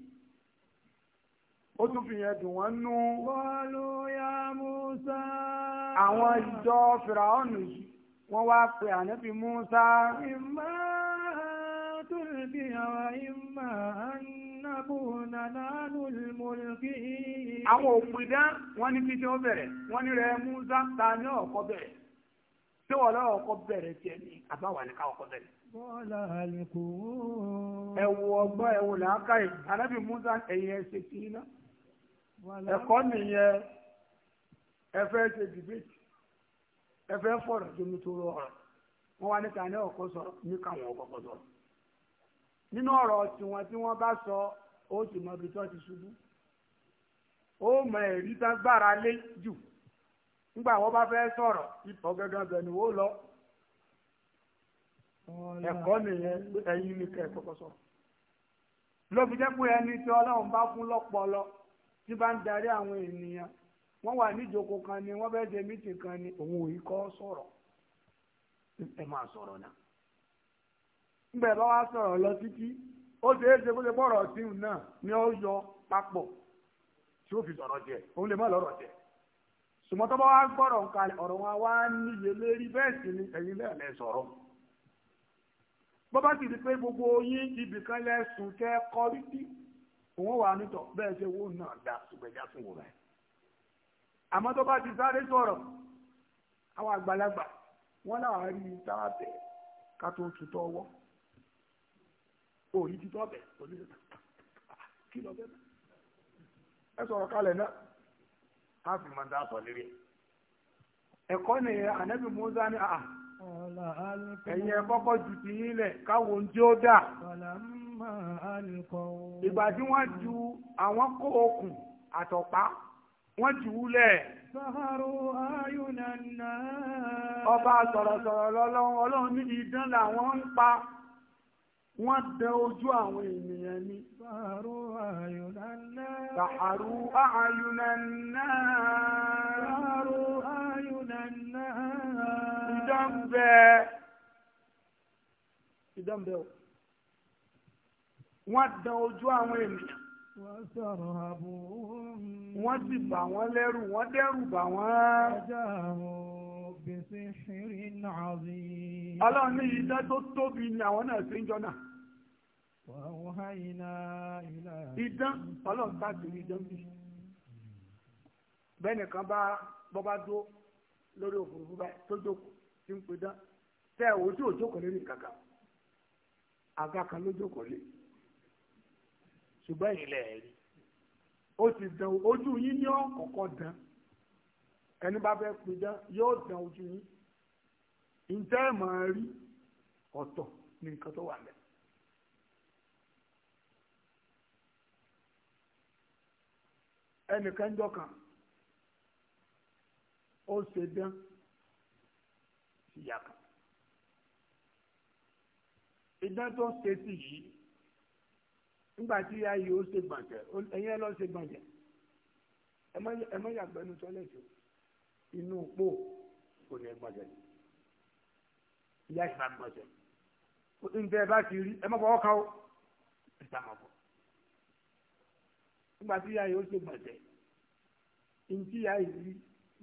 Speaker 1: ó tún fi yẹn dùn wọ́n nú. Musa. àwọn ìjọ fìràwọ́nù yìí wọ́n wá pe ànábì Musa. ìmọ̀. تلقي وإما أن نكون نحن الملقين àwọn òpìdán wọ́n ní kí tí ó bẹ̀rẹ̀ wọ́n ní rẹ̀ Musa ta ní ọ̀kọ́ bẹ̀rẹ̀ tí wọ́n lọ́wọ́ ọkọ̀ bẹ̀rẹ̀ tiẹ̀ ní àbáwà ní káwọ́ ọkọ̀ bẹ̀rẹ̀. bọ́ọ̀lá àlùkò. ẹ wo ọgbọ́n ẹ wo làákàyè anábì Musa ẹ̀yìn ẹ̀ṣẹ̀ sí iná ẹ̀kọ́ nìyẹn nínú ọ̀rọ̀ tiwọn tí wọ́n bá sọ ó sì mọ ibi tó ti ṣubú ó mọ ẹ̀rí tán gbára lé jù nígbà wọ́n bá fẹ́ sọ̀rọ̀ ipò gángan bẹ̀ ni ó lọ ẹ̀kọ́ nìyẹn ẹ̀yin ni kẹ́ ẹ̀ kọ́kọ́ sọ̀rọ̀ ló fi jẹ́ pé ẹni tí ọlọ́run bá fún lọ́pọlọ tí bá ń darí àwọn ènìyàn wọ́n wà níjókòó kan ni wọ́n fẹ́ ṣe mítì kan ni òun ò yí kọ́ sọ̀rọ̀ ẹ máa sọ̀rọ̀ náà ńgbẹ bá wá sọ̀rọ̀ lọ títí ó ṣe é ṣe kó ṣe bọ̀rọ̀ tíhùn náà ni ó yọ papọ̀ tí ó fi sọ̀rọ̀ jẹ òun lè má lọ́rọ̀ jẹ sùmọ́tọ́ bá wá gbọ́rọ̀ nǹkan ọ̀rọ̀ wá níye lérí bẹ́ẹ̀ sì ni ẹ̀yin náà lẹ sọ̀rọ̀ bọ́bá sì rí pé gbogbo yín ibì kan lẹ sùn kẹ́ kọ́rí sí òun wà nítọ̀ bẹ́ẹ̀ ṣe wó náà dá ṣùgbẹ́já fún wọn rẹ̀ àmọ́ tó bá ti sáré sọ̀rọ̀ àwọn àgbàlagbà wọ́n láwọn rí táwọn bẹ̀ ká tó tutọ́ ọwọ́ òyìn ti tọ́ bẹ̀ oníṣẹ́ kí lọ bẹ́ẹ̀ ẹ sọ̀rọ̀ kalẹ̀ náà a fi máa dáàtọ̀ lérí ẹ̀kọ́ ni ànábì Musa ní àà ẹ̀yin ẹ̀kọ́kọ́ ju ti yín lẹ̀ káwọn ń jó dà ìgbà tí wọ́n ju àwọn kó okùn àtọ̀pá wọ́n ti wúlẹ̀. Sọ́hárò ayúnà náà. Ọba sọ̀rọ̀sọ̀rọ̀ lọ́lọ́run ọlọ́run ní ìdán làwọn ń pa wọ́n dẹ ojú àwọn ènìyàn ni. Sàárù àyùnánà. Sàárù àyùnánà. Sàárù àyùnánà. Ìdánbẹ́. Ìdánbẹ́ o. Wọ́n dẹ ojú àwọn ènìyàn. Wọ́n sọ̀rọ̀ àbò. Wọ́n sì bà wọ́n lẹ́rù, wọ́n dẹ́rù bà wọ́n. Ajá àwọn. بسحر عظيم ọlọ́run ní iṣẹ́ tó tóbi إلى idán ọlọ́run bá ti rí idán bí. bẹ́ẹ̀ nìkan bá bọ́bá dó lórí òfurufú báyìí tó jókòó tí ń pe dán tẹ́ ẹ̀ tí ò jókòó lórí kankan àga kan ló jókòó lé ṣùgbọ́n ìrìnlẹ̀ ẹ̀rí ó ti dán ojú yín ní dán ẹni bá fẹ́ pidán yóò dán ojú yín ǹjẹ́ ẹ̀ máa rí ọ̀tọ̀ ní nǹkan tó wà lẹ́. ẹnìkan jọ kan ó ṣe dán síyà kan ìdán tó ń ṣe sí yìí nígbà tí ìyá ó ṣe gbàjẹ́ ẹ̀yin ẹ lọ ṣe gbàjẹ́ ẹ má yàgbẹ́nu tọ́lẹ̀tì o inú pò kò ní ẹgbọ̀nsẹ̀ ìyá ìsìn máa ń gbọ̀nsẹ̀ nígbà ẹ bá ti rí ẹ má fọwọ́ kan ó ìta máa bọ̀ nígbà tí ìyá yìí ó ṣe gbọ̀nsẹ̀ ntí ìyá yìí rí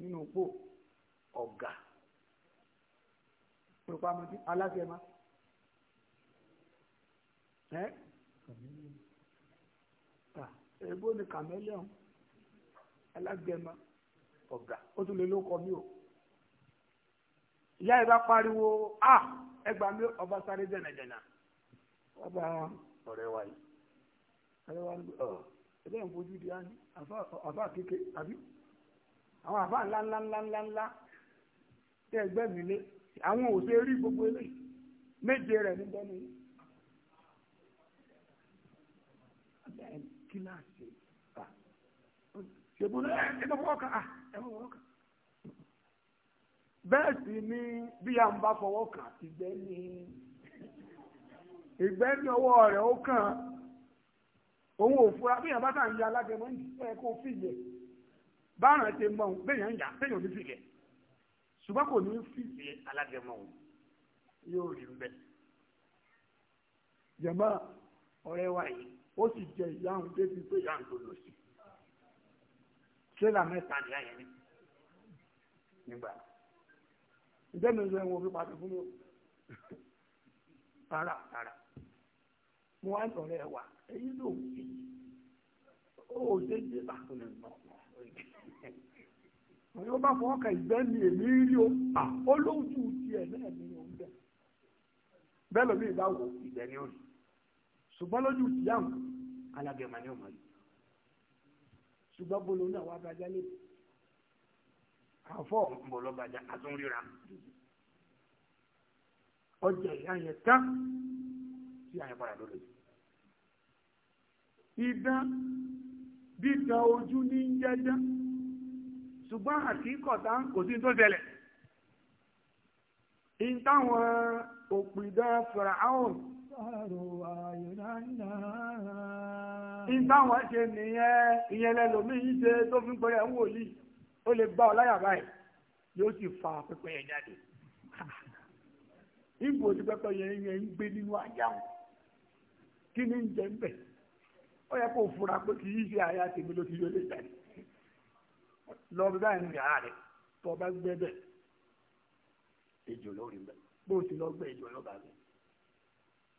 Speaker 1: nínú pò ọ̀gá pèpàmọ́tì aláṣẹ máa èbó ni chameleon alágbẹ̀mọ́ ọ̀gá ó tún lè ló kọ mí o ìyá ìbá pariwo a ẹgbà mi ọba sáré jẹnẹjẹnà ọba ọ̀rẹ́ wa yìí ọ̀rẹ́ wa ni ọ ẹgbẹ́ ń fojú di àfa kéke àbí àwọn àfa ńlá ńlá ńlá ńlá ńlá tẹ ẹgbẹ́ mi lé àwọn ò ṣe rí gbogbo eléyìí méje rẹ̀ ní bẹ́ẹ̀ ni kíláàsì ṣe bó ló ẹ ẹ lọ́wọ́ kan à ẹ̀wọ̀n wọn kàn bẹ́ẹ̀ sì ni bí a ń bá fọwọ́ kàn ìgbẹ́ ni ìgbẹ́ ní ọwọ́ rẹ̀ ó kàn òun ò fura bí yàn bá tà ń ya alágẹmọ ní ẹ kó fìyẹ báràn ti mọ òun bẹ́ẹ̀ yàn ń yà bẹ́ẹ̀ yàn ò ní fìyẹ ṣùgbọ́n kò ní fìyẹ alágẹmọ òun yóò rí mbẹ jẹmọ ọ̀rẹ́ wa yìí ó sì jẹ ìyá òun débi pé ìyá òun tó lọ sí i tírélà mẹ́ta ní àyẹ̀ ní nígbà ìdẹ́nu ìlú ẹ̀wọ̀n fi pàtó fún mi rárá rárá mo wá sọ̀rọ̀ ẹ̀ wà èyí ló ń fi ó ṣe é ṣe pàtó ní ìgbà wọ́n bá fọwọ́ ka ìgbẹ́ mi èmi rí o olóòtú tiẹ̀ náà ni òun bẹ̀ bẹ́ẹ̀ lómi ìbá wò ìgbẹ́ ni ó rí ṣùgbọ́n lójú tìyàwó alágẹ̀mọ́ ni ó mọ̀ rí ṣùgbọ́n bolo náà wà bàjá lébi àfọ̀ bọ̀lọ̀ bàjá àtúnríra ọjà ìyá yẹn tán tí a yẹn padà lórí ìdán dídán ojú ní jẹ́jẹ́ ṣùgbọ́n àkíkọ̀tà kò sí tó tẹ̀lẹ̀ ìtàwọn òpìdán fẹ̀rẹ̀ àwọn. Sọ̀rọ̀ àyùnáyà. ìtàwọn ṣe nìyẹn ìyẹn lẹlòmíì ṣe tó fi ń pẹrẹ ń wòlíì ó lè gbá ọ láyà báyìí yóò sì fa pẹpẹ yẹn jáde ìgbò tí pẹpẹ yẹn yẹn ń gbé nínú ajá wọn kí ni ń jẹ ń bẹ ó yẹ kó fura pé kì í ṣe àyà tèmi ló ti yọ lè jáde lọ bí báyìí yàrá rẹ tó bá gbẹ bẹ lórí bẹ bó o ti lọ gbẹ ejò lọ bá bẹ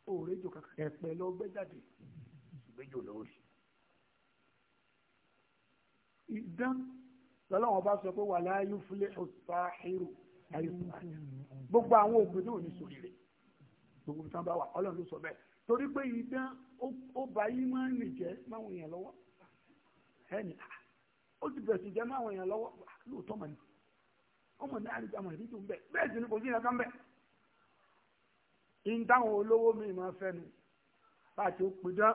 Speaker 1: òòrè jò kàkà lọ gbẹ jáde ìdán lọ́lọ́wọ́n bá sọ pé wà láàyè fúlẹ̀ ọ̀sáhírù láyé fúlẹ̀ gbogbo àwọn òògùn náà ní sórí rẹ̀ gbogbo tí wọ́n bá wà ọlọ́run ló sọ bẹ́ẹ̀ torí pé ìdán ó bá yí máa ń rìn jẹ́ máwọn èèyàn lọ́wọ́ ẹnì ah, ó ti bẹ̀rẹ̀ sí jẹ́ máwọn èèyàn lọ́wọ́ ah, lóòótọ́ mọ̀ ní ọmọ ní àríjà mọ̀ ìdíjú ń bẹ̀ bẹ́ẹ̀ sì ni kò sí ìyàtọ̀ ń bẹ̀ ìdáhùn olówó mi máa fẹ́ nu láti ó pidán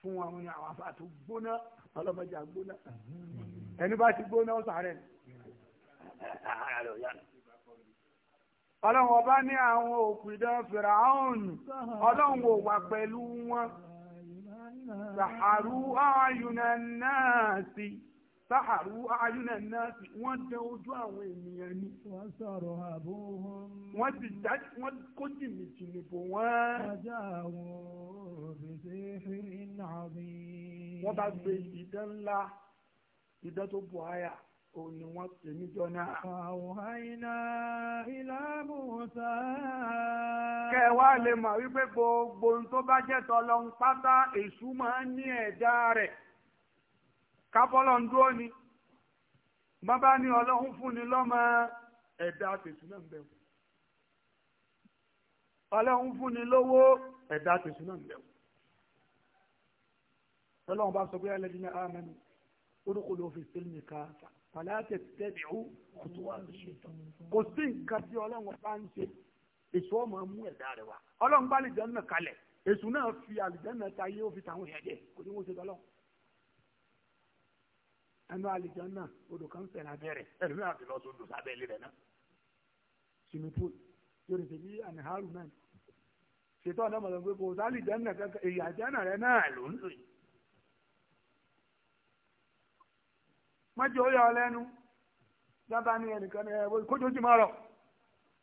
Speaker 1: fún àwọn àwọn àfàtúgbóná ọlọ́mọdé àgbóná ẹni bá ti gbóná ọ̀sán rẹ̀ ọlọ́run ọba ní àwọn òpìdán fìràhùn ọlọ́run ò wà pẹ̀lú wọn sàhàrú ààyùnà náà sí sàhàrú ààyùnà náà sí wọ́n dán ojú àwọn ènìyàn ni wọ́n sọ̀rọ̀ àbò wọn wọ́n ti dájú wọ́n kó jìnnì jìnnì bò wọ́n. ọjà àwọn òbí ṣe é fi ń nàbí. wọ́n bá gbé ìdán ńlá idán tó bu àyà òun ni wọ́n pè níjọ náà. àwòhánà ilá Mùsá. kẹwàá lè mọ̀ wípé gbogbo ohun tó bá jẹ́ tọ́lọ́ ń pátá èṣù máa ń ní ẹ̀dá rẹ̀ kábọ́lọ̀ ń dúró ni má bá ní ọlọ́run fún ni lọ́mọ ẹ̀dá tèṣù náà ń bẹ̀rù ọlọ́run fún ni lówó ẹ̀dá tèṣù náà ń bẹ̀rù ọlọ́run bá sọ pé ẹlẹ́dínlẹ́ amẹ́nu orúkọlù fi sílùmí ká fàlàtẹ tẹbi ó kùtù wà lóṣù tó kò sí nǹkan tí ọlọ́run bá ń ṣe èso ọmọ mú ẹ̀dá rẹ wá ọlọ́run bá àlìjẹ́nà kalẹ̀ èso náà fi àlìjẹ́nà ta yé ó fi tàwọn èèyàn jẹ kò ní wọ́n ṣe tọ́lọ́ ẹnu àlìjẹ́nà odò kan fẹ̀ lábẹ́rẹ̀ ẹ̀rọ àti lọ́sọ̀ odò sábẹ́ ilé rẹ̀ náà sinu pool yóò rìn sí àmì haru náà ṣètò ọ̀nà mọ̀lẹ́ mọ́jì ó yọ ọ lẹ́nu dábàá ní ẹnìkan ní ẹ̀rọ kójójì máa rọ̀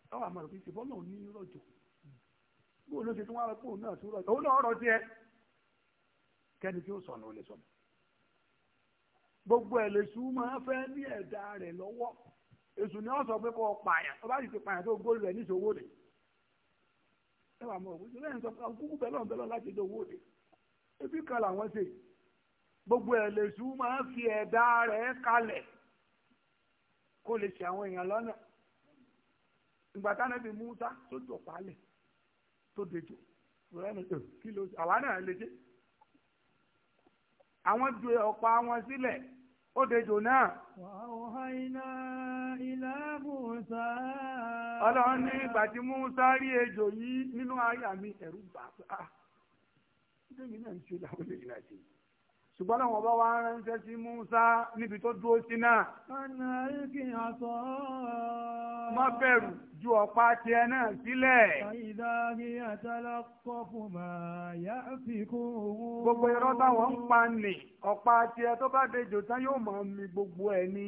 Speaker 1: lọ́wọ́ àmọ́ òbí ti bọ́lọ̀ ní rọ̀jò bóun ló ṣe tún wá gbogbo ẹ̀lẹ́sù máa fẹ́ ní ẹ̀dá rẹ̀ lọ́wọ́ esu ni wọ́n sọ pé ọba isi ti pààyàn tó owó gbogbo ẹ̀lẹ́sù máa ń fi ẹ̀dá rẹ̀ kalẹ̀ kó lè ṣe àwọn èèyàn lọ́nà ìgbà táwọn ẹbí Musa tó jọ palẹ̀ tó dejò kí ló àwa náà lè dé àwọn ju ọ̀pá wọn sílẹ̀ ó dejò náà. ọlọ́run ní ìgbà tí Musa rí ejò yìí nínú àyà mi ẹ̀rù bàbá. Ah, ṣé mi náà ń ṣe làwọn lè rìn àjèjì ṣùgbọ́n náà wọ́n bá wá ránṣẹ́ sí Musa níbi tó dúró sí náà. ọ̀nà ìkì àtọ̀. má bẹ̀rù ju ọ̀pá tiẹ̀ náà sílẹ̀. àìdáhì àtàlákọ́fù máa yá fi kún owó. gbogbo irọ́ táwọn ń pa nì ọ̀pá tiẹ̀ tó bá dejò tán yóò máa mi gbogbo ẹ̀ ni.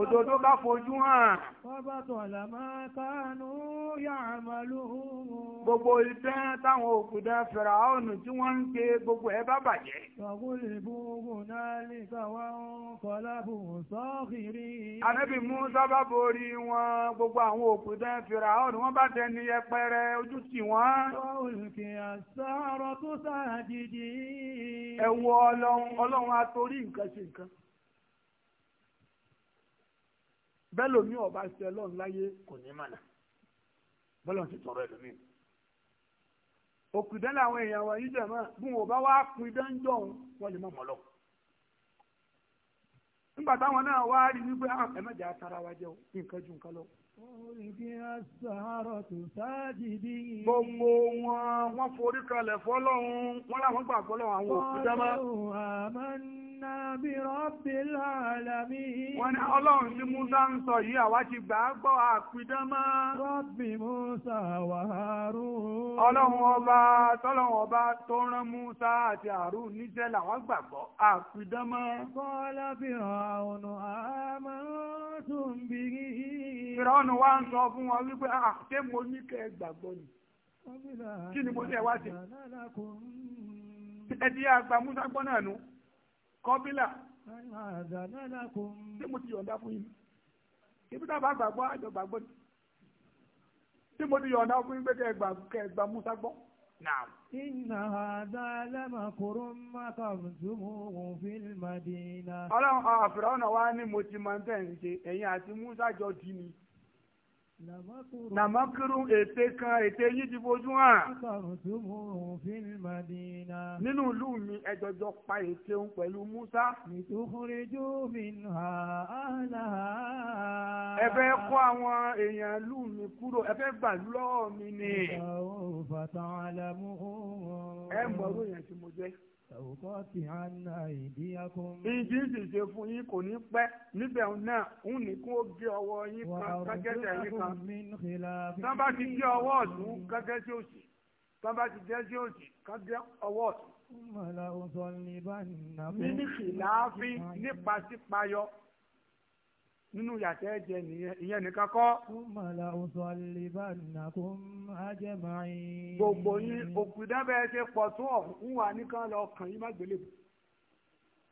Speaker 1: Òdodo ká fojú hàn. Gbogbo iṣẹ́ táwọn òkúta fẹ̀rẹ̀ ọ̀nà tí wọ́n ń pe gbogbo ẹ bá bàjẹ́. Ànábì Mùsá bá borí wọn gbogbo àwọn òkúta fẹ̀rẹ̀ ọ̀nà wọ́n bá tẹni yẹpẹrẹ ojú tì wọ́n. Ẹ̀wọ̀ ọlọ́run bẹ́ẹ̀ lómi ọba ṣe ọlọ́run láyé kò ní mànà bọ́lọ̀ ti tọrọ ẹlòmíì. òkùdẹ́ làwọn èèyàn wọ̀nyí jẹ̀ mọ́ bí wọn ò bá wá pin dánjọ́ wọn lè mọ̀ mọ́ lọ́wọ́ nígbà táwọn náà wá rí wípé ah, ẹ má jẹ́ atara wa jẹ́ o nǹkan ju nǹkan lọ. ìdí àṣàrò tó sáàjì bí. gbogbo wọn wọn forí kalẹ̀ fọlọ́run wọn làwọn gbà fọlọ́run àwọn òkú jábá. ọlọ́run àmàna bí rabbil alamin. wọ́n ní ọlọ́run tí musa ń sọ yìí àwa ti gbà á gbọ́ àpidán mọ́. rabbi musa wa harun. ọlọ́run ọba tọ́lọ́run ọba tó rán musa àti harun níṣẹ́ làwọn gbàgbọ́ àpidán kọ́lá fìràwọ̀nù àmọ́tún bìrì. fìràwọ̀nù wa ń sọ fún wọn wípé ah, ṣé mo ní kẹ́ ẹ gbàgbọ́ ni kí ni mo ní ẹ wá sí. ẹ ti yá àgbà musa gbọ́ náà nu kọ́bílà ṣé mo ti yọ̀ǹda fún yín ibi tá a bá gbàgbọ́ àjọ gbàgbọ́ ni ṣé mo ti yọ̀ǹda fún yín pé kẹ́ ẹ gbà musa gbọ́. نعم إن هذا لمكر مكرتموه في ọlọ́run àwọn fìrọ́nà wa ni mo ti máa ń tẹ̀ ṣe ẹ̀yin àti Musa jọ dì ní nàmọ́kírù ète kan ète yìí ti fojú hàn. nínú ìlú mi ẹjọjọ pa ète òun pẹ̀lú Musa. ìtòkùnrinjú mi nà áhàlà. ẹ fẹ́ kó àwọn èèyàn ìlú mi kúrò ẹ fẹ́ gbà lọ́ọ̀ mi ni. ẹ mọ̀ ọ́ tí mo jẹ́ sọ̀rọ̀kọ́ ti á na ìdíyàkùn. ìjì sì ṣe fún yín kò ní pẹ́ níbẹ̀ náà ń ní kó gé ọwọ́ yín kan kágẹ́sẹ̀ yín kan. tán ti gé ọwọ́ ọ̀tún kágẹ́sẹ̀ òsì tán ti gẹ́sẹ̀ òsì kágẹ́ ọwọ́ ọ̀tún. mọ̀lá òsàn ní bá nà fún. kìláàfin nípa sípayọ nínú yàtẹ̀ ẹ̀jẹ̀ nìyẹn ìyẹn nìkan kọ́. kúmọ̀lá oṣù àlèbánà kó ajẹ́ máa ń. gbogbo yín òkùdábẹ́ ẹ ṣe pọ̀ tó ọ̀hún wà nìkan lọ kàn yín má gbélé bù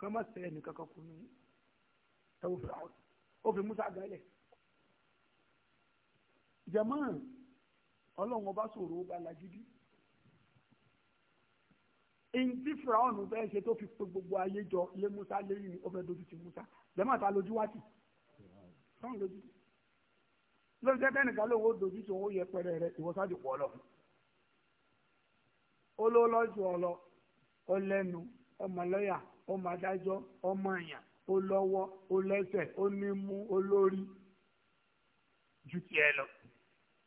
Speaker 1: kàn má sẹ́yìn nìkan kan kú yín ẹ wò fìlà ọ̀hún ó fi musa gálẹ̀. jẹ̀mọ́ ọlọ́run ọba sọ̀rọ̀ ọba làgídí. èyí tí fìlà ọ̀hún fẹ́ ṣe tó fi pe gbogbo ayé jọ lé musa lẹ́yìn ni ó fẹ́ dojú ti musa jẹ̀mọ́ àtàlójú wá sí i. sọ́n lójú tó lórí jẹ́ tẹ́nìkan lóun rẹ ìwọ́sájú pọ̀ lọ ó ọlọ olórí ju tiẹ̀ lọ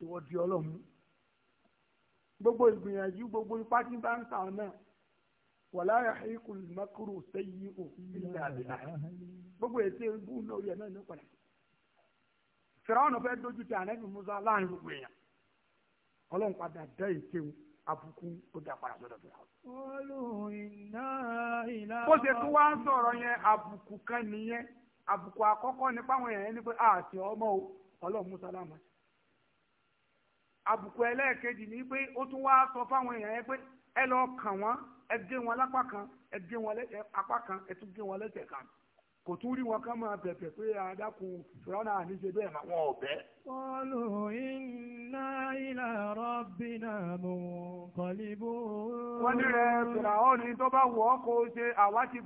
Speaker 1: ìwọ di ọlọ́mú gbogbo ìgbìyànjú gbogbo ipá tí bá ń tàn náà wàlá yahikul makru sayyi'u illa gbogbo ètò ìbú náà yẹ náà ní fìràwọ̀nù fẹ́ dojú ti ànábì musa láàrin gbogbo èèyàn ọlọ́run padà dá èké àbùkù ó dá padà sọ́dọ̀ ṣe tún wá ń sọ̀rọ̀ yẹn kan nìyẹn àkọ́kọ́ èèyàn pé àti ọmọ o ọlọ́run musa láàmú àbùkù ẹlẹ́ẹ̀kejì ni pé ó tún sọ fáwọn èèyàn yẹn pé ẹ lọ kàn wọ́n ẹ gé kan ẹ gé wọn apá kan ẹ tún gé wọn kò tún rí wọn ká máa bẹ̀bẹ̀ pé adákun fúráwọnà àníṣe bẹ́ẹ̀ máa wọn ọ̀bẹ. qalu inna ila rabbina munqalibun. wọ́n ní rẹ̀ fúráwọ́n ní tó bá wọ̀ kó ṣe àwa ti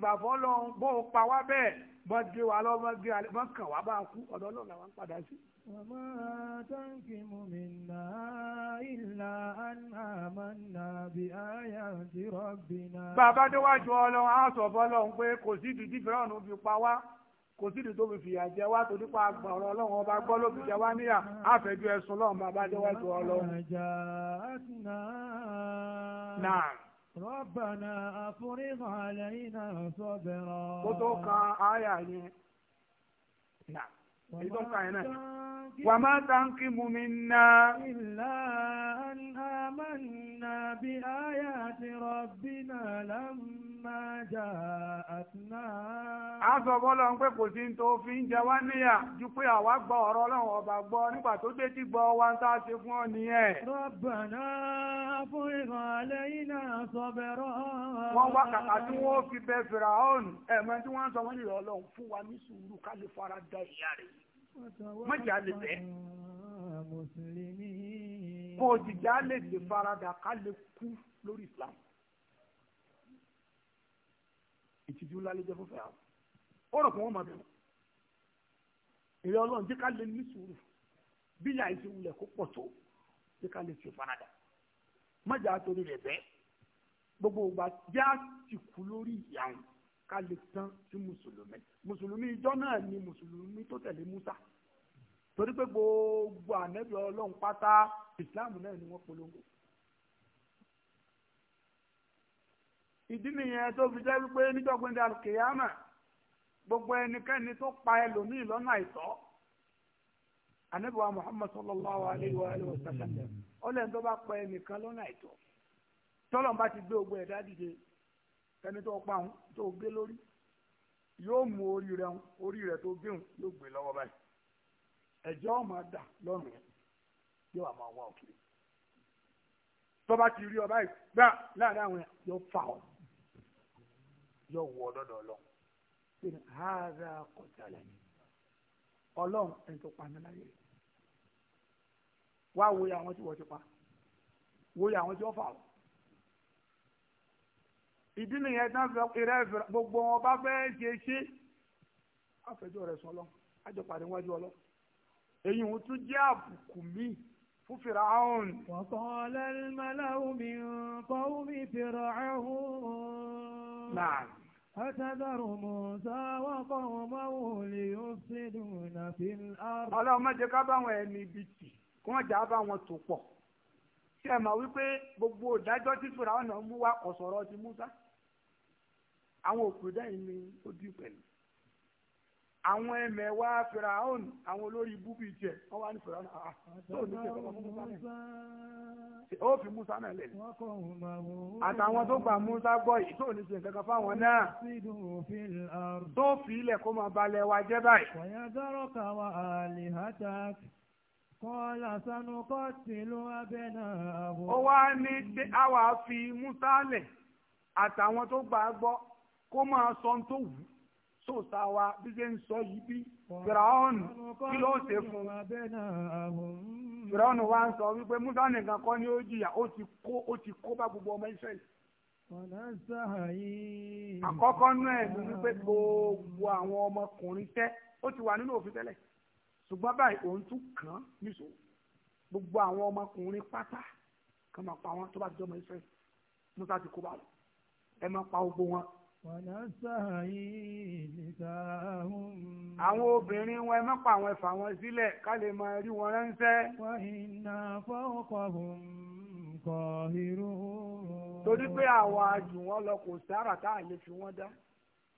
Speaker 1: bó pa wá bẹ́ẹ̀ bọ́ gé wa lọ́wọ́ mọ́ gé alẹ́ mọ́ kàn wá bá kú ọ̀dọ́ náà làwọn padà sí. Wàmọ́ táǹkì mú mi nà ilà àmà nà bí àyà ti rọ́bì náà. Bàbá déwájú ọlọ́run á sọ fọlọ́run pé kò sí ìdí fẹ́ràn fi pa wá kò sí ìdí tó fi fìyà jẹ wá torí pa àgbà ọ̀rọ̀ ọlọ́run ọba gbọ́ ló fi jẹ wá níyà àfẹ́jú ẹ̀sùn lọ́run bàbá déwájú ọlọ́run. Nàà rọ́bànà àforíhàn àlẹ́yìn náà sọ́bẹ̀rọ̀. ó kan áyà yẹn èyí tó ń ka yẹn náà wà má táǹkì mú mi ná. ìlà àmàlà bí àyà ti rọ̀bìnà lámà jà àtúná. a sọ bọ́lọ̀ ń pé kò sí tó fi ń jẹ wá níyà ju pé àwa gba ọ̀rọ̀ ọlọ́run ọba gbọ́ nígbà tó dé tí gbọ́ wa ń tá ṣe fún ọ nìyẹn. rọ́bànà fún ìrọ̀lẹ́ yìí náà sọ bẹ̀rọ̀. wọ́n wá kàkà tí wọ́n fi bẹ fìràhọ́n ẹ̀mẹ́ tí wọ́n sọ wọ́n ní sùúrù mọ̀jà lè tẹ̀. kò jìjà lè lè farada ká lè kú lórí islam. ìtìjú ńlá lè jẹ́ fún fẹ́ràn. ó rò pé wọ́n máa bẹ̀rù. èrè ọlọ́run jẹ́ ká lè ní sùúrù bí láìsí wulẹ̀ kó pọ̀ tó jẹ́ ká lè ṣe farada. mọ̀jà torí rẹ̀ bẹ́ẹ̀ gbogbo ìgbà jẹ́ àsìkò lórí ìyàwó. ká lè tán sí mùsùlùmí mùsùlùmí ìjọ náà ni mùsùlùmí tó tẹ̀lé Musa torí gbogbo ànẹ́bí ọlọ́run pátá ìsìláàmù náà ni wọ́n polongo. ìdí nìyẹn tó fi jẹ́ wípé gbogbo ẹnikẹ́ni tó pa ẹlòmíì ẹni tó pa òun tó gbé lórí yóò mú orí rẹ̀ orí rẹ̀ tó gbé òun yóò gbé lọ́wọ́ báyìí ẹ̀jẹ̀ ọ̀ máa dà lọ́rùn yẹn yóò máa wá òkè tọ́ba ti rí ọ báyìí gbà láàrin àwọn yẹn yóò fà ọ́ yóò wọ ọdọọdọ lọ ṣe ni hàrà kọjá lẹ́yìn ọlọ́run ẹni tó pa ní láyé wá wòye àwọn tí wọ́n ti pa wòye àwọn tí wọ́n fà ọ́ ìdí nìyẹn tán sọ ìrẹ́ gbogbo wọn bá fẹ́ ṣe ṣe àfẹjọ́ rẹ̀ sọ lọ àjọ pàdé wájú ọlọ èyí wọn tún jẹ́ àbùkù mi fún fìràhùn. wa qala al-mala'u min qawmi fir'aun. náà. أتذر موسى وقومه ليفسدون في الأرض. ọlọ́run má jẹ́ ká bá wọn ẹni ibi tì kí wọ́n jà á bá wọn tó pọ̀ ṣé ẹ mọ̀ wípé gbogbo ìdájọ́ tí fìràhùn náà mú wá kò ti Musa àwọn òkúta yìí ni ó dì pẹ̀lú àwọn ẹmẹ̀wà firaun àwọn olórí ibú bíi tiẹ̀ wọ́n wá ní firaun àtàwọn ah, tó ní tẹ̀kọ́ fún musa náà ó fi musa náà lẹ̀ àtàwọn tó gba musa gbọ́ yìí tó ní ṣe nǹkan kan fáwọn náà tó fi ilẹ̀ kó máa balẹ̀ wa jẹ́ báyìí. Kọ́lá sanu kọ́ tìlú abẹ́nà àwọ̀. Ó wá ní àwa fi Musa lẹ̀ àtàwọn tó gbà á gbọ́ kó máa sọ ohun tó wù sòsà wa bí ṣe ń sọ yìí bí fìràhónù kí ló ṣe fún fìràhónù wa ń sọ wípé musa nìkan kọ́ ni ó jìyà ó ti kó ó ti kó bá gbogbo ọmọ Ísírẹ́lì. àkọ́kọ́ nú ẹ̀ ló ní pé gbogbo àwọn ọmọkùnrin tẹ́ ó ti wà nínú òfin tẹ́lẹ̀ ṣùgbọ́n báyìí òun tún kàn án níṣó gbogbo àwọn ọmọkùnrin pátá kan máa pa wọn tó bá jọmọ Ísírẹ́lì musa ti kó bá lọ ẹ máa pa gbogbo wọn. Àwọn obìnrin wọn ẹ má pa àwọn ẹ̀fà wọn sílẹ̀ ká lè máa rí wọn ránṣẹ́. Wọ́n iná fọ́ọ̀kọ̀hùn kọ̀ irú. Torí pé àwa jù wọ́n lọ kò sára tá à lè fi wọ́n dá.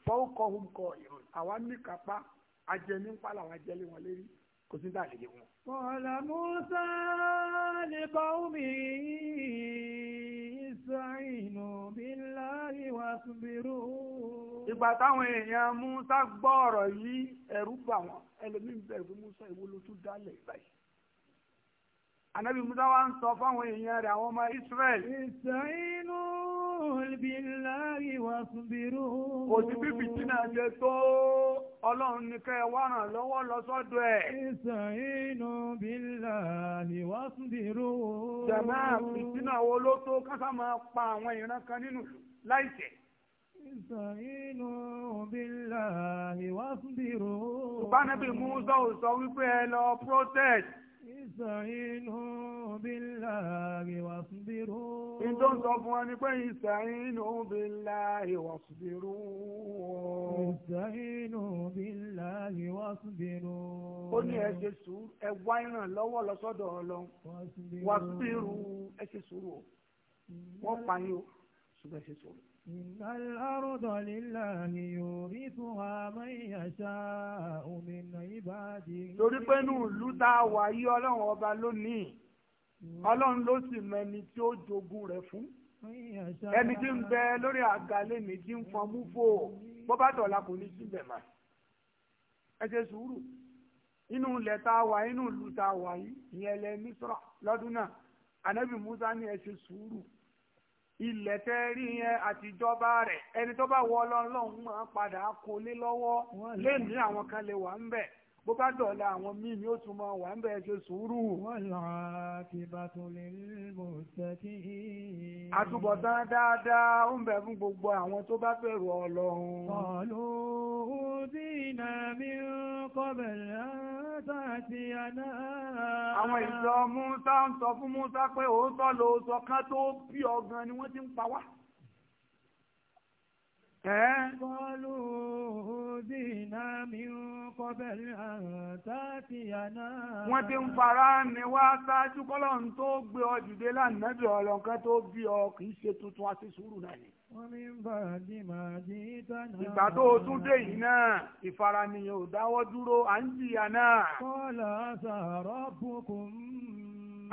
Speaker 1: Fọ́ọ̀kọ̀hùn kọ̀ irú. Àwa ní ajẹmí ń pàlà àwọn ajẹlé wọn lérí kò sí dàlejò wọn. Kọ̀lá Musa lè bá omi yìí istaʿīnū billāhi waṣbirū. ìgbà táwọn èèyàn Musa gbọ́ ọ̀rọ̀ yìí ẹ̀rù bà wọ́n ẹlòmíín bẹ̀rù Musa ìwọ tún dálẹ̀ báyìí. Ànábì Musa wá ń sọ fáwọn èèyàn rẹ̀ àwọn ọmọ Israẹ̀l. Ìsàínú billahi wasbiru. Kò sí bí fìtínà ṣe tó ọlọ́run ní kẹ́ wá ràn lọ́wọ́ lọ sọ́dọ̀ ẹ̀. Ìsàínú billahi wasbiru. Jàmá fìtínà wo ló tó kánsá máa pa àwọn ìran kan nínú láìṣẹ̀. Ìsàínú billahi wasbiru. Ìbánibí Musa ò sọ wípé ẹ lọ protest ìsàínú billahi wasbiru. in tó ń sọ fún wa ni pé ìsàínú billahi wasbiru. ìsàínú billahi wasbiru. ó ní ẹ sùúrù ẹ wá ìrànlọ́wọ́ lọ́sọ́dọ̀ Ọlọ́run wasbiru ẹ ṣe sùúrù o wọ́n pa yín o bá ṣe sọ. Ìgbàlárúdọ̀ lílà ni orí fún àmọ́ ìyàṣà òmìnira ìbàdí. Torí pé nù ìlú tá a wà yí ọlọ́run ọba lónìí, ọlọ́run ló sì mọ ẹni tí ó jogún rẹ̀ fún. Ẹni tí ń bẹ lórí àgàlẹ́ mi tí ń fọmú fò bó kò ní síbẹ̀ mà. Ẹ ṣe sùúrù. Inú ilẹ̀ tá a wà inú ìlú tá a wà yìí, ìyẹn lẹ Mísírà lọ́dún náà. Ànábì Musa ní ẹ ṣe sùúrù ilẹ̀ tẹ́ rí yẹn àtijọba rẹ̀ ẹni tó bá wọ ọlọ́run lọ́hùn máa padà kólé lọ́wọ́ lẹ́nu àwọn kan lè wà ń bẹ̀ bó bá dọ̀la àwọn míì ó tún wà ń bẹ́ẹ̀ ṣe sùúrù. wọ́n lọ àkìbàtò lè mú sẹ́tì. àtúbọ̀tán dáadáa ó ń bẹ fún gbogbo àwọn tó bá bẹ̀rù ọlọ́run. ọ̀lú òbí iná mi ń sọ fún Musa pé òótọ́ ló sọ kán tó bí ọgàn ni wọ́n ti ń pa wá. قالوا أوذينا من قبل أن تأتينا wọ́n ti ń fara ni wá ṣáájú tó gbé ọ dìde ọlọ́nkẹ́ tó bí ọ kìí ṣe tuntun àti sùúrù náà ni. wọ́n mi ń bá di ìgbà tó o tún dé yìí náà ìfaraniyan ò dáwọ́ dúró à ń jìyà náà. kọ́lá sàrọ́ bùkún.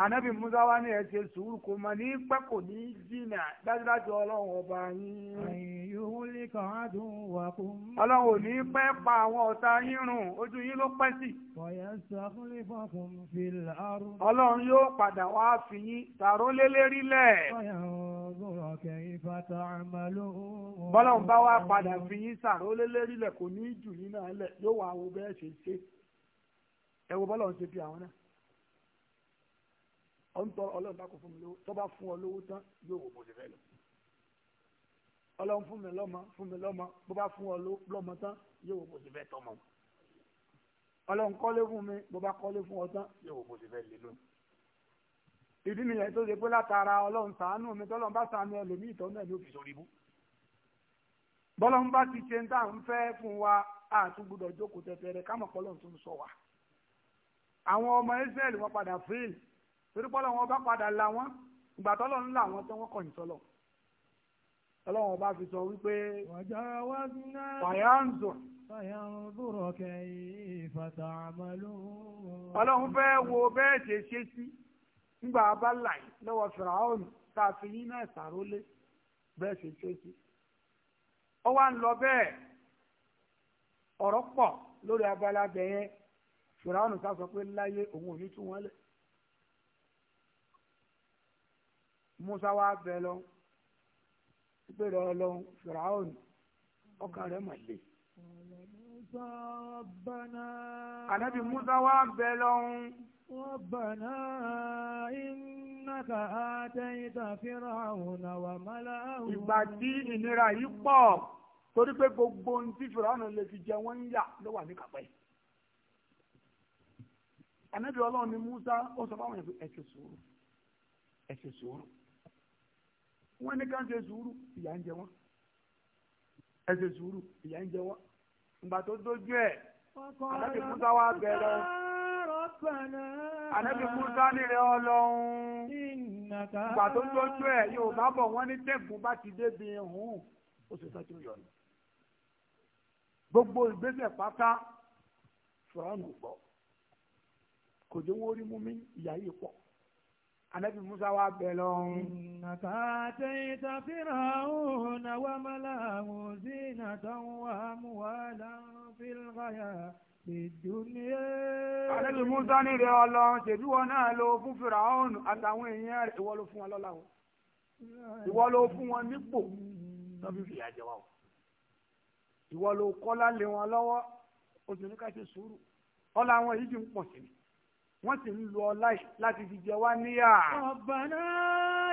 Speaker 1: ànábì musa wá ní ẹ ṣe sùúrù kò mà ní pẹ́ kò ní jìnnà dájúdájú ọlọ́run ọba yín. ọlọ́run ò ní pẹ́ pa àwọn ọ̀tá yín run ojú yín ló pẹ́ sí. ọlọ́run yóò padà wá fi yín tààrọ́ lélẹ́rí lẹ̀. bọ́lọ́run bá wá padà fi yín tààrọ́ lélẹ́rí lẹ̀ kò ní jù yín náà lẹ̀ yóò wá wo bẹ́ẹ̀ ṣe ṣe ẹ wo bọ́lọ́run ṣe fi àwọn náà ọ̀ntọ́ ọlọ́run bá kò fún mi lówó tó bá fún ọ lówó tán yóò wò bó ṣe fẹ́ lọ. ọlọ́run fún mi lọ́mọ fún mi lọ́mọ bó bá fún ọ lọ́mọ tán yóò wò bó ṣe fẹ́ tọmọ. ọlọ́run kọ́lé fún mi bó bá kọ́lé fún ọ tán yóò wò bó ṣe fẹ́ lé lónìí. ìdí nìyẹn tó ṣe pé látara ọlọ́run sàánú mi tọ́lọ́run bá sàánú ẹlòmíì ìtọ́ náà ló fi sórí bọ́lọ́run bá ti ṣe ń tà fẹ́ fún wa àtúgbùdọ̀ jókòó tẹ̀tẹ̀rẹ̀ kámọ̀ tó ń sọ wa. àwọn ọmọ Israẹli wọn padà fíìlì torí pé ọlọ́run ọba padà la wọn ìgbà tọ́lọ́run là wọn tán wọ́n kọ̀yìn sọ́lọ̀ ọlọ́run ọba fi sọ wípé fàyàǹzò ọlọ́run fẹ́ wo bẹ́ẹ̀ ṣe ṣe sí ngba bá láì lọ́wọ́ fìràhùn tá a fi yín náà ṣàrólé bẹ́ẹ̀ ṣe ṣe sí ọ wá ń lọ bẹ́ẹ̀ ọ̀rọ̀ pọ̀ lórí abala bẹ̀yẹn fìràhùn sá sọ pé láyé òun ò ní tú wọn musa wa bẹ lọ ìpèrè ọlọ́run fìràhùn ọkàn rẹ̀ mà le. ànábì musa wá bẹ lọ́hún. ربنا إنك آتيت فرعون وملأه ìgbà tí ìnira yìí pọ̀ torí pé gbogbo ohun tí fìràánù lè fi jẹ wọ́n ń yà ló wà ní kàpẹ́. ànábì ọlọ́run ni musa ó sọ fáwọn ẹ̀sìn sùúrù ẹ̀sìn sùúrù wọ́n ní ká ṣe sùúrù ìyà ń jẹ wọ́n ẹ ṣe sùúrù ìyà ń jẹ wọ́n ìgbà tó dójú ẹ̀ ànábì Musa wá bẹ̀rẹ̀ ànábì Musa nílẹ̀ ọlọ́run ìgbà tó dójú ẹ̀ yóò bá bọ̀ wọ́n ní tẹ̀gùn bá ti débi hùn ó sì sọ́jú yọ̀nù gbogbo ìgbésẹ̀ pátá fúránù gbọ́ kò dé wọ́n rí mú mi ìyá yìí pọ̀ anabi musa wa bẹ lọ́n. nàkà tẹ̀yìn tàfírà òun náà wà mọ́láhùn sí nàtàn wà múwàlá fílgáyà ìdúnyé. anabi musa ní rẹ Ọlọ́run ṣèbí wọn náà lọ fún firaun àtàwọn èèyàn rẹ ìwọ ló fún wọn lọ́lá o ìwọ ló fún wọn nípò tó fi fìyà jẹ wá o ìwọ ló kọ́lá lé wọn lọ́wọ́ oṣù ká ṣe sùúrù ọlá wọn yìí ti ń pọ̀ sí ni wọ́n sì ń lo ọlá láti fi jẹ wá níyà. ọ̀bàná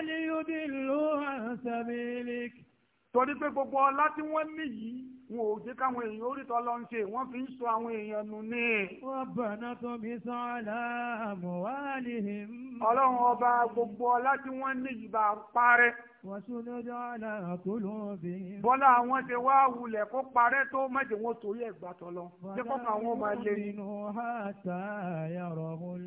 Speaker 1: lè yóò dé lò àṣàbẹ̀lẹ̀. torí pé gbogbo ọlá tí wọ́n ní yìí wọn ò jẹ́ káwọn èèyàn orítọ́ lọ ń ṣe wọ́n fi ń sọ àwọn èèyàn nù ní. wọ́n bọ̀nà tó mi sàn láàmú wá nìyí. ọlọ́run ọba gbogbo ọlá tí wọ́n ní ìbá parẹ́. wọ́n súnú dọ́là kó ló ń bí. bọ́lá àwọn ti wá wulẹ̀ kó parẹ́ tó mẹ́jẹ̀ wọn torí ẹ̀ gbà tọ̀ lọ. ṣé kọ́ ka wọn máa inú hàtà yàrá mul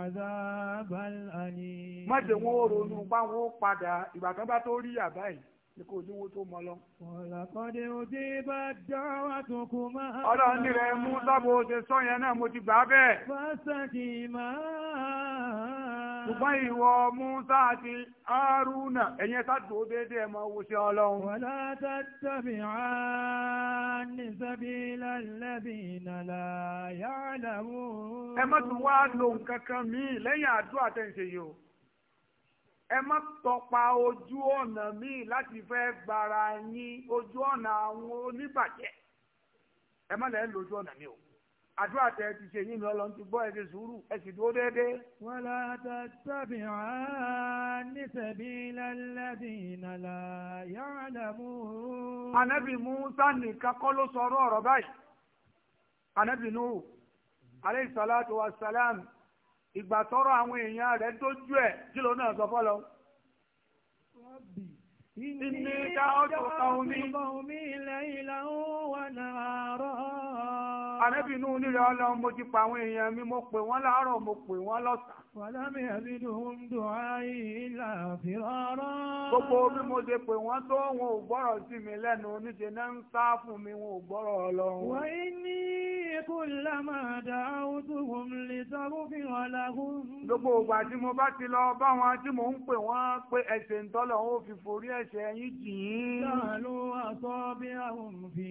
Speaker 1: àdábàlá ni. mẹ́jẹ̀ wọn ò ronú báwọn padà ìgbà ní kò níwó tó mọ lọ. ọ̀làkọ́dé òde bá dáwà tó kó máa. ọlọ́run ní rẹ̀ mú sábò ṣe sọ yẹn náà mo ti gbà á bẹ́ẹ̀. fásitì máa. ṣùgbọ́n ìwọ Musa àti Haruna ẹ̀yin ẹ̀ta tó déédéé ẹ̀ máa wo ṣe ọlọ́run. wàlá tàbí àánì sábìlà lẹ́bí nàlà yàrá wò. ẹ má tún wá lo nǹkan kan míì lẹ́yìn àdúrà tẹ̀ yìí o ẹ má tọpa ojú ọ̀nà míì láti fẹ́ gbara yín ojú ọ̀nà àwọn oníbàjẹ́ ẹ má lẹ́ẹ̀ lójú ọ̀nà mi o àdúrà tẹ ti ṣe yín lọ ti gbọ́ ẹ ti sùúrù ẹ sì dúró déédéé. wàlá tàbí nísẹ̀bí lẹ́lẹ́bí nàlá yàrá lẹ́mú. anabi musa nìkan kọ́ ló sọ ọ̀rọ̀ báyìí anabi nuhu aleyhi salatu wa salam ìgbà tọrọ àwọn èèyàn rẹ̀ dójú ẹ̀ kí ló náà sọ fọlọ. wọ́n bì Inni dáwọ́tò kàwọ́mí. Àrẹ́bì inú nílẹ̀ ọlọ́run mo ti pa àwọn èèyàn mi, mo pè wọ́n láàárọ̀, mo pè wọ́n lọ́sàn. Wàlámi àbídò ń dùn áyí ìlà fìrọ́rọ́. Gbogbo bí mo ṣe pè wọ́n tó wọn ò gbọ́rọ̀ sí mi lẹ́nu, níṣe náà ń sá fún mi, wọn ò gbọ́rọ̀ ọlọ́run. Wọ́n ní ẹ̀ṣẹ̀ yín jìn. Láàlú àtọ́ bí àwọn fi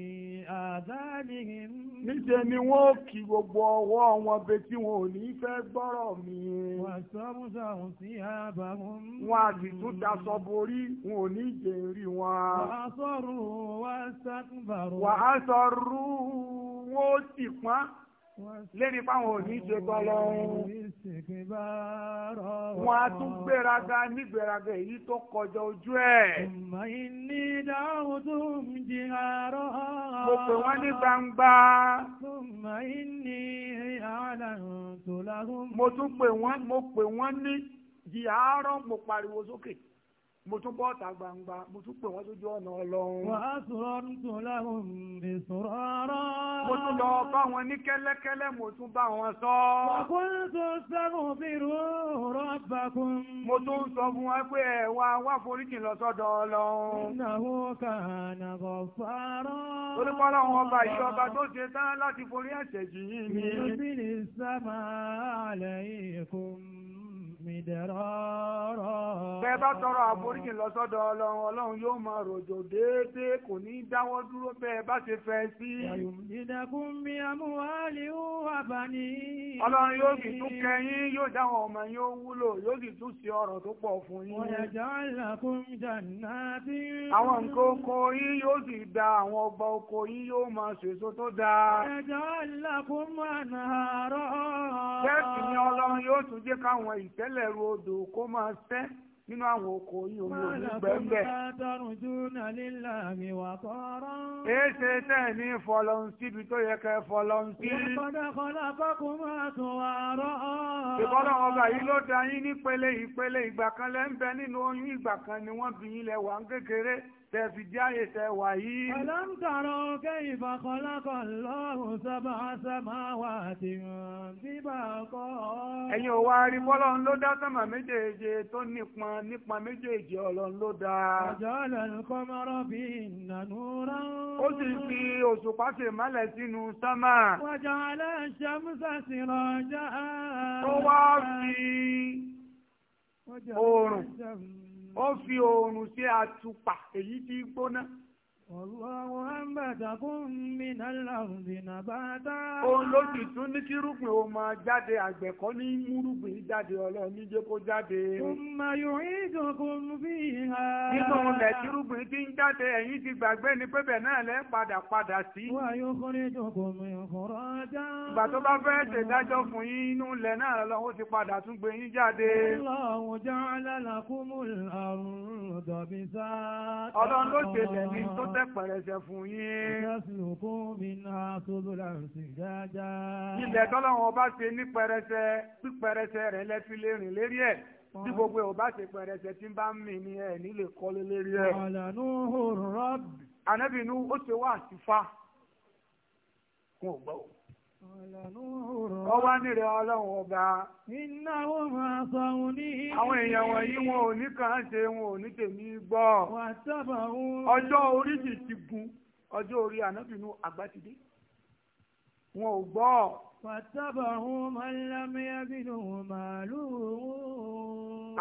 Speaker 1: àdáàlìhìn. Níṣẹ́ ni wọ́n kí gbogbo ọwọ́ wọn betí wọn ò ní fẹ́ gbọ́rọ̀ mi. Wà sọ́mùsà ò sí àbáwọn. Wọ́n á tún daṣọ borí, wọn ò ní jẹ́ rí wọn. Wà á sọ̀rù wá sákùnbàrò. Wà á sọ̀rù wọ́n ó pọ́n lérí fáwọn òní ṣe tọ́lọ́ wọn a tún gbéraga nígbéraga èyí tó kọjá ojú ẹ̀. ní dáhùn tó ń di àárọ̀. mo pè wọ́n ní gbangba. mo tún pè wọ́n mo pè wọ́n ní di àárọ̀ mo pariwo sókè. Okay mo tún bọ́ ọ̀tà gbangba mo tún pè wọ́n sójú ọ̀nà ọlọ́run. wà á sọ̀rọ̀ nítorí láwọn lè sọ̀rọ̀ ọ̀rọ̀. mo tún lọ bá wọn ní kẹ́lẹ́kẹ́lẹ́ mo tún bá wọn sọ. wàkúntò sẹ́gun bírú rọ́bàkún. mo tún sọ fún wa pé ẹ wá wá foríjì lọ sọ́dọ̀ ọlọ́run. ìnáwó kàánà kò fárọ́. olùkọ́ ọlọ́run ọba ìjọba tó ṣe tán láti forí ẹ̀ṣẹ̀ jì yín ni. ìlú bí mìdẹ̀rọ̀rọ̀. bẹ́ẹ̀ bá tọrọ àforíjì lọ sọ́dọ̀ ọlọ́run ọlọ́run yóò máa rọ̀jò déédéé kò ní í dáwọ́ dúró bẹ́ẹ̀ bá ṣe fẹ́ sí. ìdẹ̀kùn mi àmúhálì ó wà bá ọlọ́run yóò sì tún kẹyìn yóò dáwọn ọmọ yín ó wúlò yóò sì tún ṣe ọ̀rọ̀ tó pọ̀ fún yín. ọ̀yàjà làkún jàǹdà bí. àwọn nǹkan oko yín yóò sì da àwọn ọgbà oko yín yóò máa ṣèso bẹ́ẹ̀sì ni ọlọ́run yóò tún jẹ́ káwọn ìtẹ́lẹ̀rú odò kó máa sẹ́ nínú àwọn oko yìí omi òní gbẹ́ngbẹ́. èéṣe tẹ́ ní fọlọ́n síbi tó yẹ kẹ́ fọlọ́n sí. ìkọ́lọ́ ọba yìí ló da yín nípele ìpele ìgbà kan lẹ́ ń bẹ nínú oyún ìgbà kan ni wọ́n bí yín lẹ́wà ń kékeré. tẹ́fi dí ààyè tẹ́ wà yìí. Ọlọ́mtàrọ kẹ́yìn fàkọlákọ̀ lọ́rùn sábà sábà wà tí wọ́n bí bá kọ́. Ẹ̀yin òwà rí bọ́lọ́run ló dá sánmà méjèèje tó nípọn nípọn méjèèje ọlọ́run ló dá. Ọjọ́ lẹ́nu kọ́ oòrùn ó fi oòrùn ṣe àtùpà èyí tí gbóná Ọlọ́run àmbàtàkùn mi náà láàrùn-ún nàbátá. Òun ló ti tún ní kí rúgbìn o máa jáde àgbẹ̀kọ́ ní múrùgbìn jáde ọlọ́run ní jẹ́ kó jáde. Ọmọ yóò rí ìdọ̀kùn bí i ha. Nínú ọlẹ̀ tí rúgbìn ti ń jáde ẹ̀yìn ti gbàgbé ni pẹ́bẹ̀ náà lẹ́ padà padà sí. Wà yóò kọ́ ní ìdọ̀kùn mi ọ̀rọ̀ ajá. Ìgbà tó bá fẹ́ ṣèdájọ́ fún yín inú ilẹ̀ náà lọ́wọ́ ti padà fẹ́ pẹ̀rẹ̀sẹ̀ fún yín. ilẹ̀ tọ́lọ́wọ́n ọba ṣe ní pẹ̀rẹ̀sẹ̀ pípẹ̀rẹ̀sẹ̀ rẹ̀ lẹ́fi lè rìn lérí ẹ̀ tí gbogbo ẹ̀ ọba ṣe pẹ̀rẹ̀sẹ̀ tí ń bá ń mì ní ẹ̀ nílé kọ́lé lérí ẹ̀. ànábìínú ó ṣe wá àtìfá fún ọgbà òun ọwá nírẹ̀ ọlọ́run ọba. iná ó máa sọ̀hún ní ilé. àwọn èèyàn wọ̀nyí wọn ò ní kàn án ṣe wọn ò ní tèmi gbọ́. wà á sábà wọn. ọjọ́ orí yìí ti gun ọjọ́ orí ànábìínú àgbàtìdé. wọn ò gbọ́. wà á sábà wọn máa ń lámẹ́yà bínú màálùú.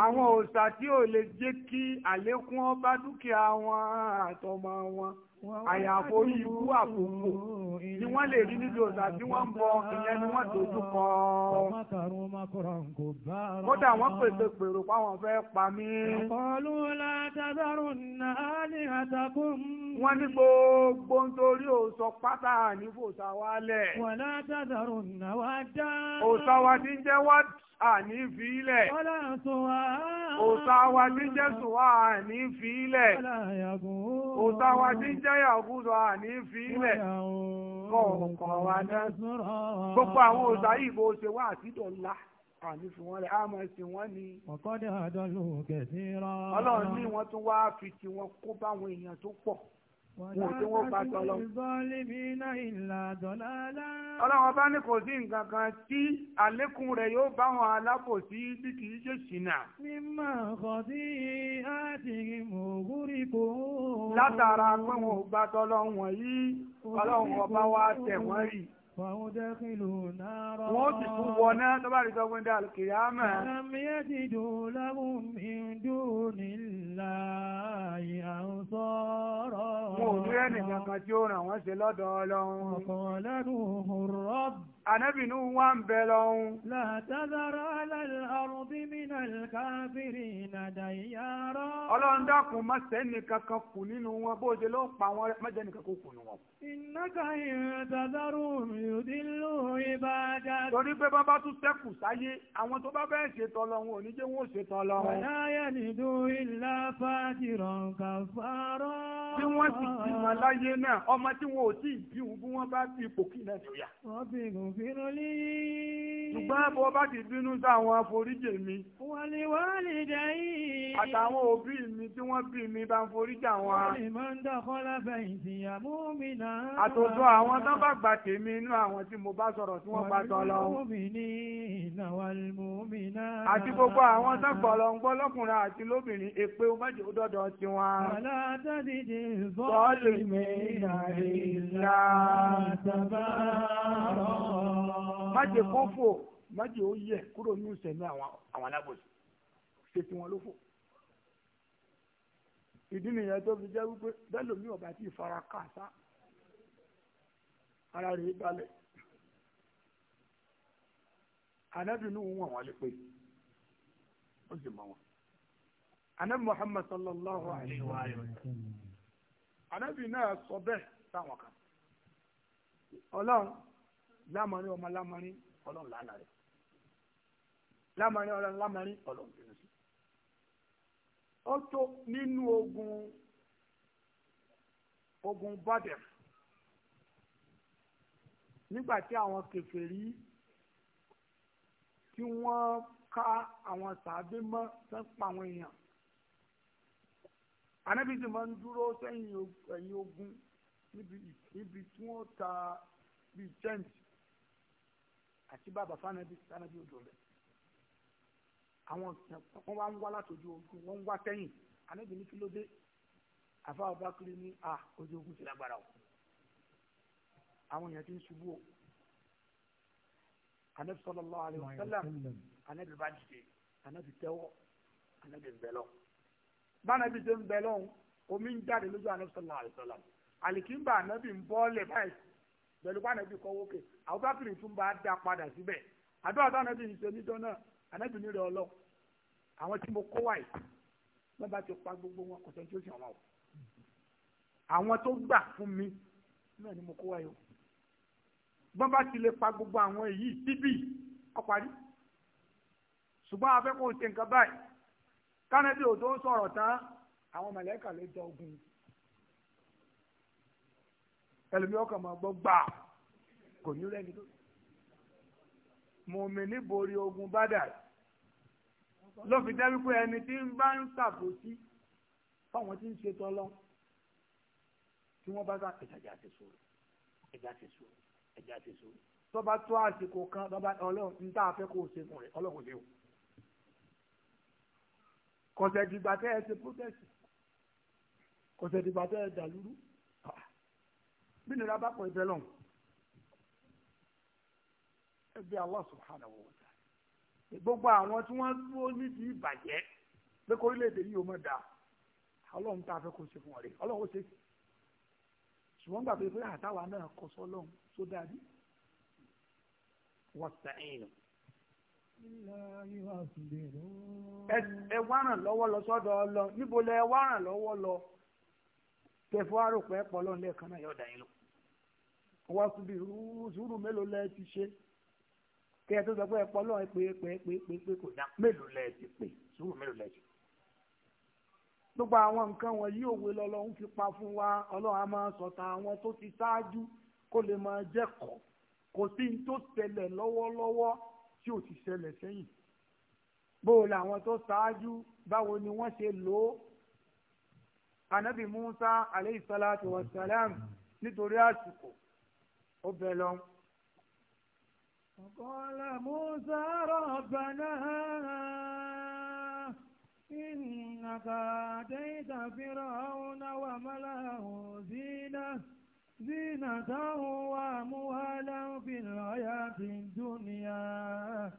Speaker 1: àwọn òòṣà tí ò lè jẹ́ kí àlékún ọba dúkìá wọn àtọmọ wọn àyàfo ibú àkókò ni wọ́n lè rí níbi òòsà tí bọ ìyẹn ni wọ́n dojú kọ. kódà wọ́n pèsè pèrò páwọn fẹ́ pa mí. ọ̀pọ̀lù ní àtàkùn. wọ́n ní òòsọ pátá ní fòsà wálẹ̀. jẹ́ wá àní fi ilẹ̀. Òta wa tí jẹ́ sùnwá àní fi ilẹ̀. Òta wa tí jẹ́ yàgùdọ̀ àní fi ilẹ̀. Kọ̀ọ̀kan wa náà. Gbogbo àwọn òta yìí bó ṣe wá àtidọ̀la àní fi wọ́n lẹ̀ á máa sin wọ́n ni. Ọ̀kọ́dé àdọ́lù kẹ̀sí rán. Ọlọ́run ní wọ́n tún wá fi tiwọn kó báwọn èèyàn tó pọ̀ wọn tí wọ́n bá tọ́lọ. ọlọ́run bá ní kò sí nǹkan kan tí àlékún rẹ̀ yóò bá wọn alábòsí bí kì í ṣe ṣìnà. mímọ ọkọ tí a ti mògúrí kò. látara pé wọn ò gbà tọ́lọ wọ̀nyí ọlọ́run ọba wa tẹ̀ wọ́n rì. فأدخلوا نارا وتسوونا تبارك وتعالى القيامة لم يجدوا لهم من دون الله أنصارا موجودين كثيرا وسلطة لهم وقال نوح الرب Ànábì Nuhu wá ń bẹ lọ́hun. La tazara ala al-ardi min al-kafirina dayyara. Ọlọ́run dákun má kankan kù nínú wọn bó ṣe ló pa wọn má jẹ́ nìkan kù nù wọn. Innaka in tazaru yòdìlú ìbàdà. torí pé bá bá tún sẹ́kù sáyé àwọn tó bá bẹ́ẹ̀ ṣe tọ́lọ wọn ò ní jẹ́ wọn ṣe tọ́lọ wọn. ọ̀láyà nìdú ìlà fàdìràn kàfàrọ̀. tí wọ́n ti ti mọ̀ láyé náà ọmọ tí wọn ò tí bí wọn wọ́n bá fi ipò kí náà nìyà. wọ́n fi gùn lé. ṣùgbọ́n bó bá ti bínú sáwọn aforíjì mi. àtàwọn òbí mi tí wọ́n bí mi bá ń foríjà wọn. àtòjọ àwọn tó bá gbà tèmi n nínú àwọn tí mo bá sọ̀rọ̀ tí wọ́n bá tọ́ lọ. àti gbogbo àwọn sọ́gbọ̀ lọ ń gbọ́ lọ́kùnrin àti lóbìnrin èpè mọ́jọ́ dọ́dọ̀ sí wọn. bọ́ọ̀lù mi ìlà sábà rọ̀. májè kó fò májè ó yẹ kúrò ní ìsẹ̀mí àwọn alábòsí ṣe tí wọ́n ló fò ìdí nìyẹn tó fi jẹ́ wípé bẹ́ẹ̀ lómi ọ̀bà tí fara kà ara rẹ̀ balẹ̀ anábìnú wọn wọn lè pè ó sì mọ wọn anábì Muhammad sallallahu alayhi wa sallam anábì náà sọ bẹ́ẹ̀ sáwọn kan ọlọ́run lámọrin ọmọ lámọrin ọlọ́run lánàá rẹ̀ lámọrin ọlọ́run lámọrin ọlọ́run bínú sí ó tó nínú ogun ogun Badr nígbà tí àwọn kèfèrí tí wọ́n ká àwọn sàábé mọ́ tán pa àwọn èèyàn ànábì sì máa ń dúró sẹ́yìn ẹ̀yìn ogun níbi níbi tí wọ́n ta bíi tẹ́ǹtì àti bàbá fanabi fanabi odò rẹ̀ àwọn wọn wá ń wá látòjú ogun wọn ń wá tẹ́yìn ànábì ní kí ló dé àfa ọba kiri ní a ah, ojú ogun ti lágbára o àwọn èèyàn ti ń ṣubú o anabi sallallahu alaihi wasallam anabi bá dìde anabi tẹ́wọ́ anabi ń bẹ lọ bánabi ṣe ń bẹ lọ omi ń jáde lójú anabi sallallahu alaihi wasallam àlìkínbà anabi ń bọ́ lẹ̀ báyìí pẹ̀lú bánabi kọ́ wókè àwùbákìrì tún bá dá padà síbẹ̀ àdúrà tó anabi ń ṣe níjọ náà anabi ní rẹ ọlọ àwọn tí mo kó wáyé wọn bá ti pa gbogbo wọn kò sẹ́ni ó sì wọn o àwọn tó gbà fún mi náà ni mo kó wáyé o bọ́n bá ti lè pa gbogbo àwọn èyí síbì ọparí ṣùgbọ́n afẹ́ kò ṣe nǹkan báyìí kánẹ́bí ò tó ń sọ̀rọ̀ tán àwọn mẹ̀lẹ́kà ló jẹ ogun ẹlòmí ọkàn máa gbọ́ gbà kò ní rẹ́ni tó mòmí níborí ogun bádà ló fi jẹ́ wípé ẹni tí ń bá ń ṣàbòsí fáwọn tí ń ṣe tọ́lọ́ tí wọ́n bá sá ẹ̀jẹ̀ àti sòrò ẹ̀jẹ̀ àti sòrò ẹja ti so tọba tó àsìkò kan tọba Ọlọ́run ní t'a a fẹ́ kó o ṣe fún rẹ Ọlọ́run ṣe o kọsẹ dìgbà tẹ ẹ ṣe protest kọsẹ dìgbà tẹ ẹ dàlúrú bí nira bá pọ̀ ìbẹ́ lọ́hùn ẹ bí Allah subhanahu wa ta'ala gbogbo àwọn tí wọ́n dúró nídìí ìbàjẹ́ pé kórílẹ̀-èdè yìí ò mọ̀ dáa ọlọ́run t'a a fẹ́ kó ṣe fún ọ rẹ̀ ọlọ́run ó ṣe ṣùgbọ́n gbàgbé pé àtàwà náà kọ sọ́lọ́run tó dàbí wọ́sàáyìn. ẹ wá ràn lọ́wọ́ lọ sọ́dọ̀ ọlọ níbo lẹ wá ràn lọ́wọ́ lọ tẹ̀fọ́ àròpọ̀ ẹ̀ pọ̀ lọ́nà lẹ́ẹ̀kan náà yóò dà yín lọ. wọ́n tún bí sùúrù mélòó lẹ ti ṣe kí ẹ tó sọ pé ẹ pọ̀ lọ́wọ́ pé pé pé pé pé kò dá mélòó lẹ ti pè sùúrù mélòó lẹ ti. gbogbo àwọn nǹkan wọ̀nyí òwe lọ́lọ́ ń fi pa fún wa ọlọ́run a máa sọ̀tà àwọn tó ti ṣáájú kó lè máa jẹ́kọ̀ọ́ kò sí ní tó ṣẹlẹ̀ lọ́wọ́lọ́wọ́ tí ò ti ṣẹlẹ̀ sẹ́yìn bó o làwọn tó ṣáájú báwo ni wọ́n ṣe lò ó anabi musa aleyhi salatu wa salam nítorí àsìkò ó bẹ̀ lọ. وقال موسى ربنا إنك آتيت فرعون وملأه زينة زينة وأموالا في الحياة الدنيا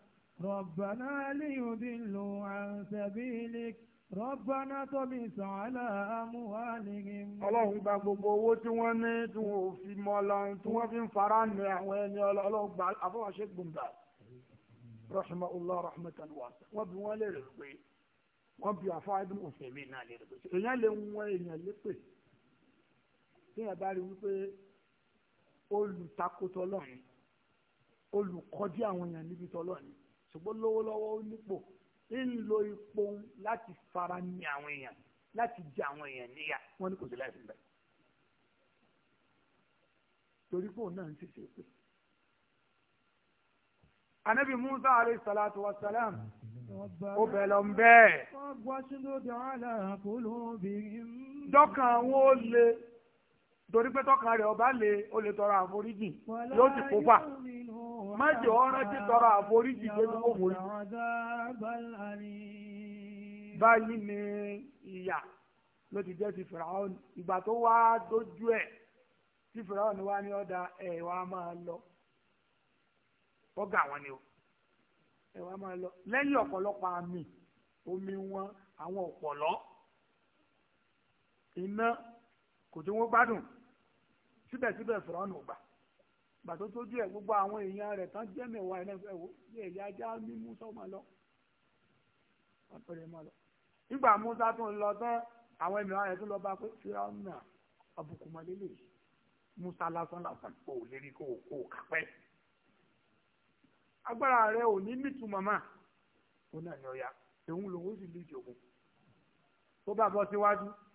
Speaker 1: ربنا ليضلوا عن سبيلك ربنا طمس على أموالهم ọlọ́run gba gbogbo owó tí wọ́n ní tí wọ́n ò fi mọ ọlọ́run tí wọ́n fi ń fara ní àwọn ẹni ọlọ́run gba àfọwọ́ṣe gbòǹda rahimahullah rahmatan wasa wọ́n bí wọ́n lè rè pé wọ́n bí àfọwọ́ ibùdó òfin náà lè rè pé èèyàn lè ń wọ́n téèyàn bá rí wípé olùtakòtò lọ́ọ̀ni olùkọ́jú àwọn èèyàn níbi tọ́lọ́ọ̀ni ṣùgbọ́n lọ́wọ́lọ́wọ́ ó nípò ń lo ipò láti fara ní àwọn èèyàn láti jẹ àwọn èèyàn níyà wọ́n ní kò sí láì fi bẹ́ẹ̀ torí pé òun náà ń ṣiṣẹ́ pé. Anabi Musa alayhi salatu wa salam ó bẹ̀ lọ bẹ́ẹ̀. Dọ́kàn wọn le torí pé tọkàn rẹ̀ ọba lè o lè tọrọ àforíjì yóò ti kó fà má jẹ́ ọ̀ràn ti tọrọ àforíjì débi kó wòye. báyìí ni ìyà ló ti jẹ́ ti fìràwọ́n ìgbà tó wá dójú ẹ̀ tí fìràwọ́n wá ní ọ̀dà ẹ̀ máa lọ ọ̀gá wọn ni o ẹ̀ wá máa lọ lẹ́yìn ọ̀pọ̀lọpọ̀ àmì omi wọn àwọn ọ̀pọ̀lọ́ iná kò tí wọ́n gbádùn síbẹ̀síbẹ̀ fúrọ́nù gbà gbàtó tó díẹ̀ gbogbo àwọn èèyàn rẹ̀ tán jẹ́ mẹ́wàá ẹ̀ náà wò yẹ ìyá ajá ní musa ọmọ lọ ọ̀pẹ̀rẹ̀ mọ́ lọ. nígbà musa tó ń lọ tán àwọn ẹ̀mẹ̀wàá rẹ̀ tó lọ bá pé fúrọ́nù àbùkù mọ́lélẹ̀ musa lásán lásán kò lérí kò kò kápẹ́. agbára rẹ̀ ò ní nítumọ̀ mà ó náà ní ọ̀yà òun lòun sì lè jòkó tó bá bọ́ síwájú. Si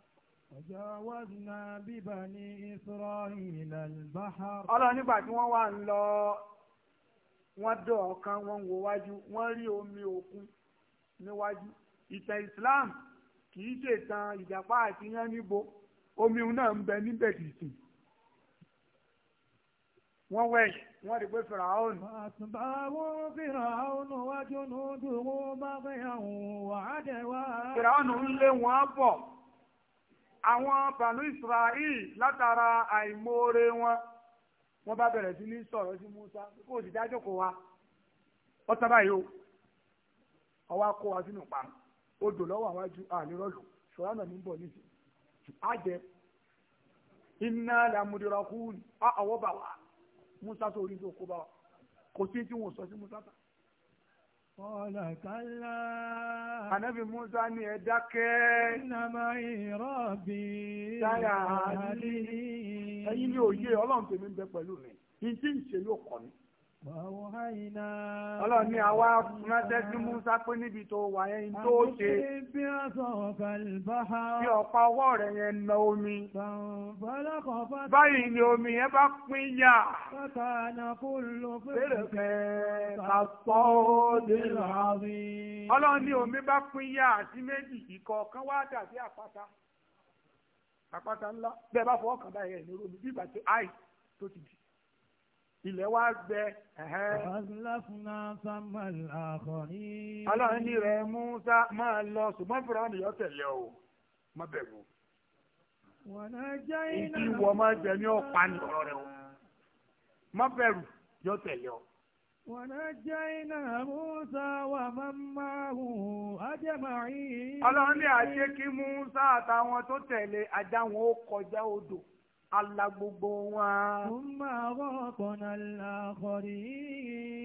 Speaker 1: وجاوزنا ببني إسرائيل البحر ọlọ́run nígbà tí wọ́n wá ń lọ wọ́n dọ̀ ọ̀kan wọ́n wo wájú wọ́n rí omi òkun níwájú ìtàn Islam kì ṣètàn ìjàpá àti yán níbo omi náà ń bẹ níbẹ̀ kì wọ́n wẹ̀ wọ́n rí pé fìràhónù. àtùbáwò fìràhónù wájú nùdùn wọn bá fẹ́ hàn àdẹ̀wà. fìràhónù ń lé wọn bọ̀ àwọn bànú Israel látara àìmoore wọn wọn bá bẹ̀rẹ̀ sí ní sọ̀rọ̀ sí Musa kó o sì dájọ́ kó wa ọ̀tá báyìí o ọwọ́ kó wa sínú pa odò lọ́wọ́ àwájú ànírọ́lù ṣọ́ra náà ní bọ̀ níbi àjẹ iná làmúdìrọ̀kú àwọ̀ bá Musa tó orí tó kó bá wa kò sí tí wọn sọ sí Musa tán. Kọ́lá kálá. Ànábì Musa ní ẹ dákẹ́. Nàmà ìrọ̀bì. Sáyà àlè. Ẹyin ni òye Ọlọ́run tèmi ń bẹ pẹ̀lú mi. Ìdí ìṣèlú ọkọ̀ mi. Ọlọ́run ni àwa ránṣẹ́ sí Musa pé níbi tó wà yẹn tó ṣe. Bí ọ̀pá ọwọ́ rẹ̀ yẹn na omi. Báyìí ni omi yẹn bá pín yà. Bẹ́ẹ̀rẹ̀ ká sọ òde láàrin. Ọlọ́run ni omi bá pín yà sí méjì ìkọ̀ọ̀kan wá dàbí àpáta. Àpáta ńlá. Bẹ́ẹ̀ bá fọwọ́ kàn báyìí ẹ̀ ní omi bí ìgbà tó àì tó ti dì ilẹ̀ wá gbẹ. Fàzíláfúnà Sámàlì àkọ́rí. Ọlọ́run ní rẹ̀ Musa máa lọ ṣùgbọ́n fúnra wọn nìyọ́ tẹ̀lé o, má bẹ̀rù. Ìdí ìwọ máa jẹ ní ọ̀pá ní ọ̀rọ̀ rẹ o, má bẹ̀rù yọ tẹ̀lé o. Wọ̀nájẹ́nà Musa wà mámáhù Adémàrí. Ọlọ́run ní àṣekí Musa àtàwọn tó tẹ̀lé ajá wọn ó kọjá odò ala gbogbo wọn. Súnmọ́ ọ̀pọ̀nà làkọ̀rí.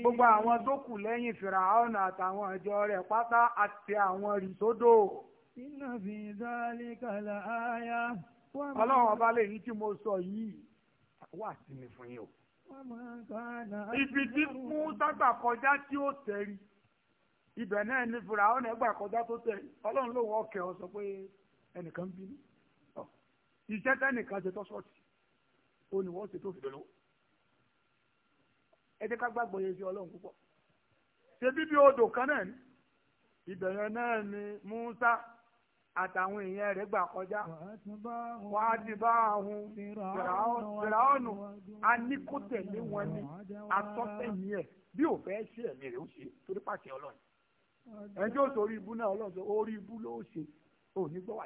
Speaker 1: Gbogbo àwọn tó kù lẹ́yìn Fìràhánà àtàwọn àjọ rẹ̀ pátá àti àwọn rìsódò. Iná fi dálé kàlà áyá. Ọlọ́run ọba lè yí tí mo sọ yìí, wà sí mi fún yín Ibi tí fún sábà kọjá tí ó tẹ̀rí. Ibẹ̀ náà ni Fìràhánà ẹgbà kọjá tó tẹ̀rí. Ọlọ́run lòun ọkẹ́ ọ sọ pé ẹnìkan bínú. Iṣẹ́ tẹ́nìkan ṣe tọ́ ó ní wọ́n ṣe tó fi dọ̀lọ́wọ́ ẹ jẹ́ ká gbàgbọ́ yẹn sí ọlọ́run púpọ̀ ṣe bíbí odò kan náà ni ibẹ̀ yẹn náà ni Musa àtàwọn èèyàn rẹ̀ gbà kọjá wà á ti bá àwọn fìràọ́nù aníkótẹ̀lé wọn ni asọ́tẹ̀yìn ẹ̀ bí ò fẹ́ ṣe ẹ̀mí rẹ̀ ó ṣe torí pàṣẹ ọlọ́run ẹjọ́ sọ orí ibú náà ọlọ́run sọ orí ibú ló ṣe ò gbọ́ wá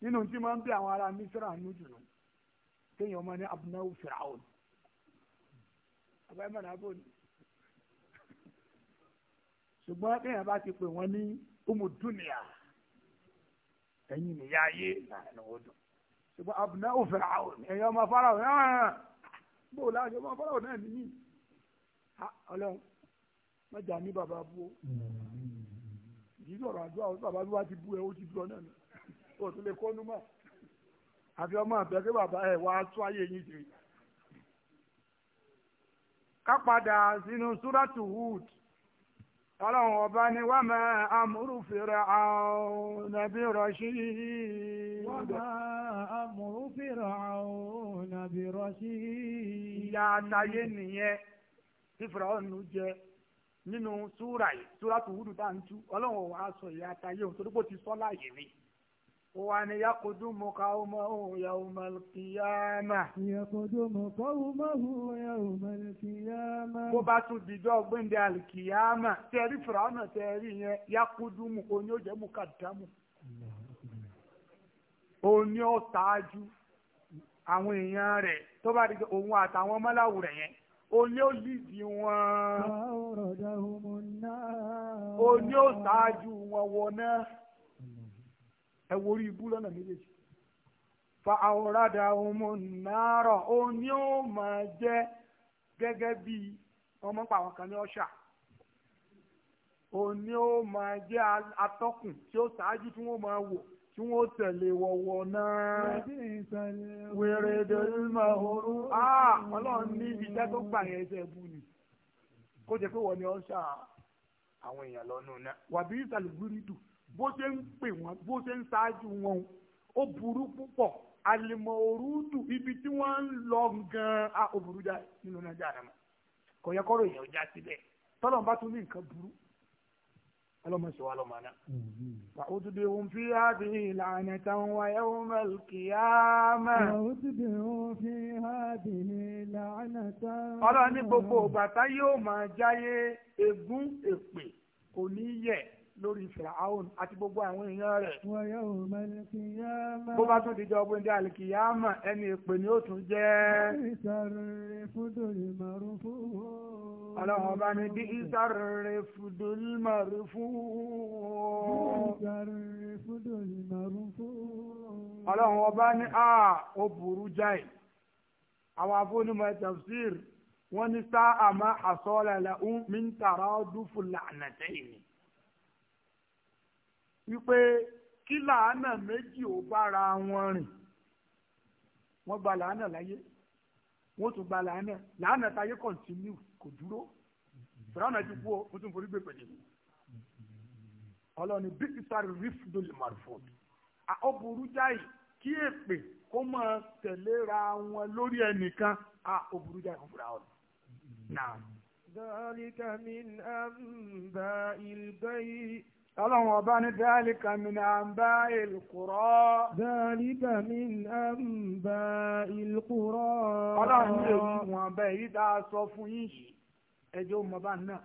Speaker 1: nínú tí máa ń bí àwọn ará Mísírà nínú jùlọ téèyàn máa ní abunáwó fìràwọ̀ àbáyé mọ̀nà àbò ni ṣùgbọ́n téèyàn bá ti pè wọ́n ní umuduniya ẹ̀yin nìyá ayé lànà ọdún ṣùgbọ́n abunáwó fìràwọ̀ ẹ̀yin ọmọ faraw náà bó o láṣọ ọmọ faraw náà nìyí ọlọ́run mọ̀jà ní bàbá bú o yìí sọ̀rọ̀ àdúrà bàbá bí wàá ti bú ẹ ó ti dúró náà nù. o lè kónú mọ́ àfi ọmọ àgbẹ̀ baba bàbá ẹ̀ wá tún ayé yín jẹ. ká padà sínú súrátù Hud ọlọ́run ọba ni wọ́n amúrú fèrè àwọn nàbí rọ́ṣí. wọ́n amúrú fèrè àwọn nàbí rọ́ṣí. ìyá àtàyé nìyẹn tí fèrè jẹ nínú súrà yìí súrátù Hud tá sọ ìyá àtàyé òun torí pé ó ti وأن يقدم قومه يوم القيامة يقدم قومه يوم القيامة bó bá tún dijọ́ gbẹ̀ndẹ̀ alikiyama tẹ̀rí fìràwọ̀nà tẹ̀rí yẹn yakudumu oní oúnjẹ àwọn èèyàn rẹ̀ tó bá dijọ́ òun àtàwọn ọmọláwù rẹ̀ yẹn oní olídìí wọn oní ọ̀tájú wọn wọ náà. ẹ wo orí ibú lọ́nà méjèèjì fa àwòrádà ọmọ nàárọ̀ ó ní ó máa jẹ́ gẹ́gẹ́ bí ọmọ pa àwọn kan ní ọ̀ṣà ó ní ó máa jẹ́ atọ́kùn tí ó ṣáájú tí wọ́n máa wò tí wọ́n tẹ̀lé wọ̀wọ̀ náà wèrè ìdòrí máa horú ọlọ́run ní iṣẹ́ tó gbà yẹn ṣe bú ni kó jẹ́ pé wọ́n ní ọ̀ṣà àwọn èèyàn lọ́nù náà wàbí ìsàlùgbúrídù bó ṣe ń pè wọ́n bó ṣe ń ṣáájú wọn ó burú púpọ̀ àlèmọ̀ òrùdù ibi tí wọ́n ń lọ gan-an á ó burú já nínú nájà rẹ̀ mọ́ kò yẹ kọ́rọ̀ èèyàn já síbẹ̀ tọ́lọ̀ bá tún ní nǹkan burú ọlọ́mọṣẹ́ wa lọ́mọ náà. fàwùtúndì ń fi hábi ìlànà táwọn wáyé wọmọl kìyàmà. fàwùtúndì ń fi hábi ìlànà táwọn. ọlọ́run gbogbo bàtà yóò máa jáyé ègún èpè kò ní yẹ̀ lórí fìràáhùn àti gbogbo àwọn èèyàn rẹ̀. wọ́n yẹ òun mẹ́lẹ̀ kí yá máa. bó bá tún di jọ bóńdé àlìkì yá mà ẹni èpè ni ó tún jẹ́. ìsàrèrè fúdòlì màrún fún wọn. ọlọ́run ọba ni bí ìsàrèrè fúdòlì màrún fún fún wọn. ọlọ́run ọba ni a ó burú jáì àwọn afúnimọ̀ tafsir wọ́n ní sáà máa àsọ̀ọ́lẹ̀ lẹ́hún mi ń tàrà ọdún fún làánàtẹ́yìn wípé kí làánà méjì ò bára wọn rìn wọ́n gba làánà láyé wọ́n tún gba làánà làánà táyé kọ̀ǹtínú kò dúró fìràwọ̀nà ti kú o wọ́n tún forí gbé pèlè ọlọ́ni bí isari rif dole marfod ó burú jáì kí èpè kó máa tẹ̀léra wọn lórí ẹnìkan ó burú jáì kó fura náà. ذلك من أنباء الغيب Ọlọ́run ọba ní dáálíkà min àmbá ìlkùrọ́. Dáálíkà min àmbá ìlkùrọ́. Ọlọ́run ní èyí wọn bẹ èyí tá a sọ fún yín yìí. Ẹjọ́ mọ̀bá náà.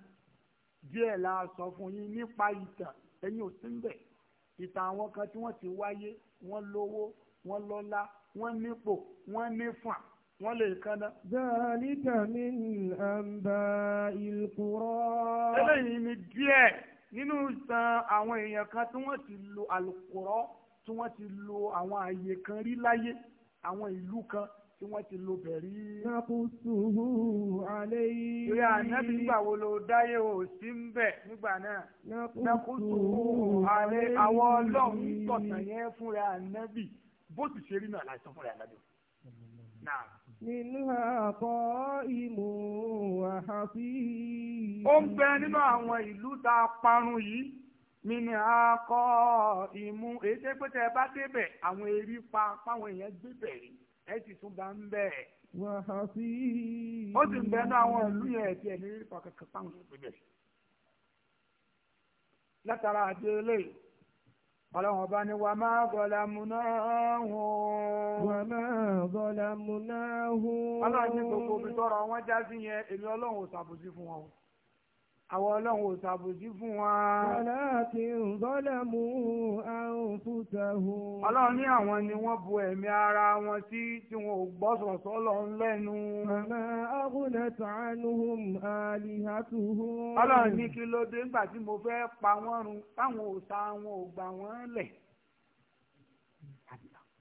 Speaker 1: Díẹ̀ la sọ fún yín nípa ìtàn ẹ̀yin ò sí ń bẹ̀. Ìtàn àwọn kan tí wọ́n ti wáyé, wọ́n lówó, wọ́n lọ́lá, wọ́n nípò, wọ́n nífà wọ́n lè kánná. Dáálíkà min àmbá ìlkùrọ́. Eléyìí ni díẹ̀ nínú ìtàn àwọn èèyàn kan tí wọ́n ti lo àlùkùrọ́ tí wọ́n ti lo àwọn àyè kan rí láyé àwọn ìlú kan tí wọ́n ti lo bẹ̀rí. Nàkúsùhù alẹ́ yìí. Ìrẹ́ ànábì nígbà wo ló dáyé o sí ń bẹ̀ nígbà náà? Nàkúsùhù alẹ́ yìí. Àwọn ọlọ́run tọ̀tàn yẹn fúnra ànábì bó ti ṣe rí náà láìsàn fúnra ànábì. Náà. منها قائم وحفيظ ó ń bẹ nínú àwọn ìlú tá a parun yìí mi ni a kọ ìmú èyí tẹ́ pé tẹ́ ẹ bá débẹ̀ àwọn erí pa páwọn èèyàn gbé bẹ̀rẹ̀ ẹ sì tún bá ń bẹ̀. ó sì ń bẹ nínú àwọn ìlú yẹn ẹ̀tí ẹ̀ pa kankan páwọn èèyàn gbé bẹ̀rẹ̀. látara àjẹ eléyìí ọlọ́run ọba ni wà máa gọ́lá múná hùn wà máa gọ́lá múná hùn ọlọ́run ní gbogbo òbí tọrọ já sí yẹn èmi ọlọ́run ò fún wọn àwọn ọlọ́run ò ṣàbòsí fún wa. aláàtì ń bọ́lẹ̀ mú àrùn fúnṣẹ́hù. ọlọ́run ní àwọn ni wọ́n bu ẹ̀mí ara wọn sí tí wọn ò gbọ́sọ̀sọ́ lọ lẹ́nu. màmá ọkùnrin tàánúhùn àlìhàtúhùn. ọlọ́run ní kí ló dé nígbà tí mo fẹ́ pa wọ́n run táwọn òòṣà wọn ò gbà wọ́n lẹ̀.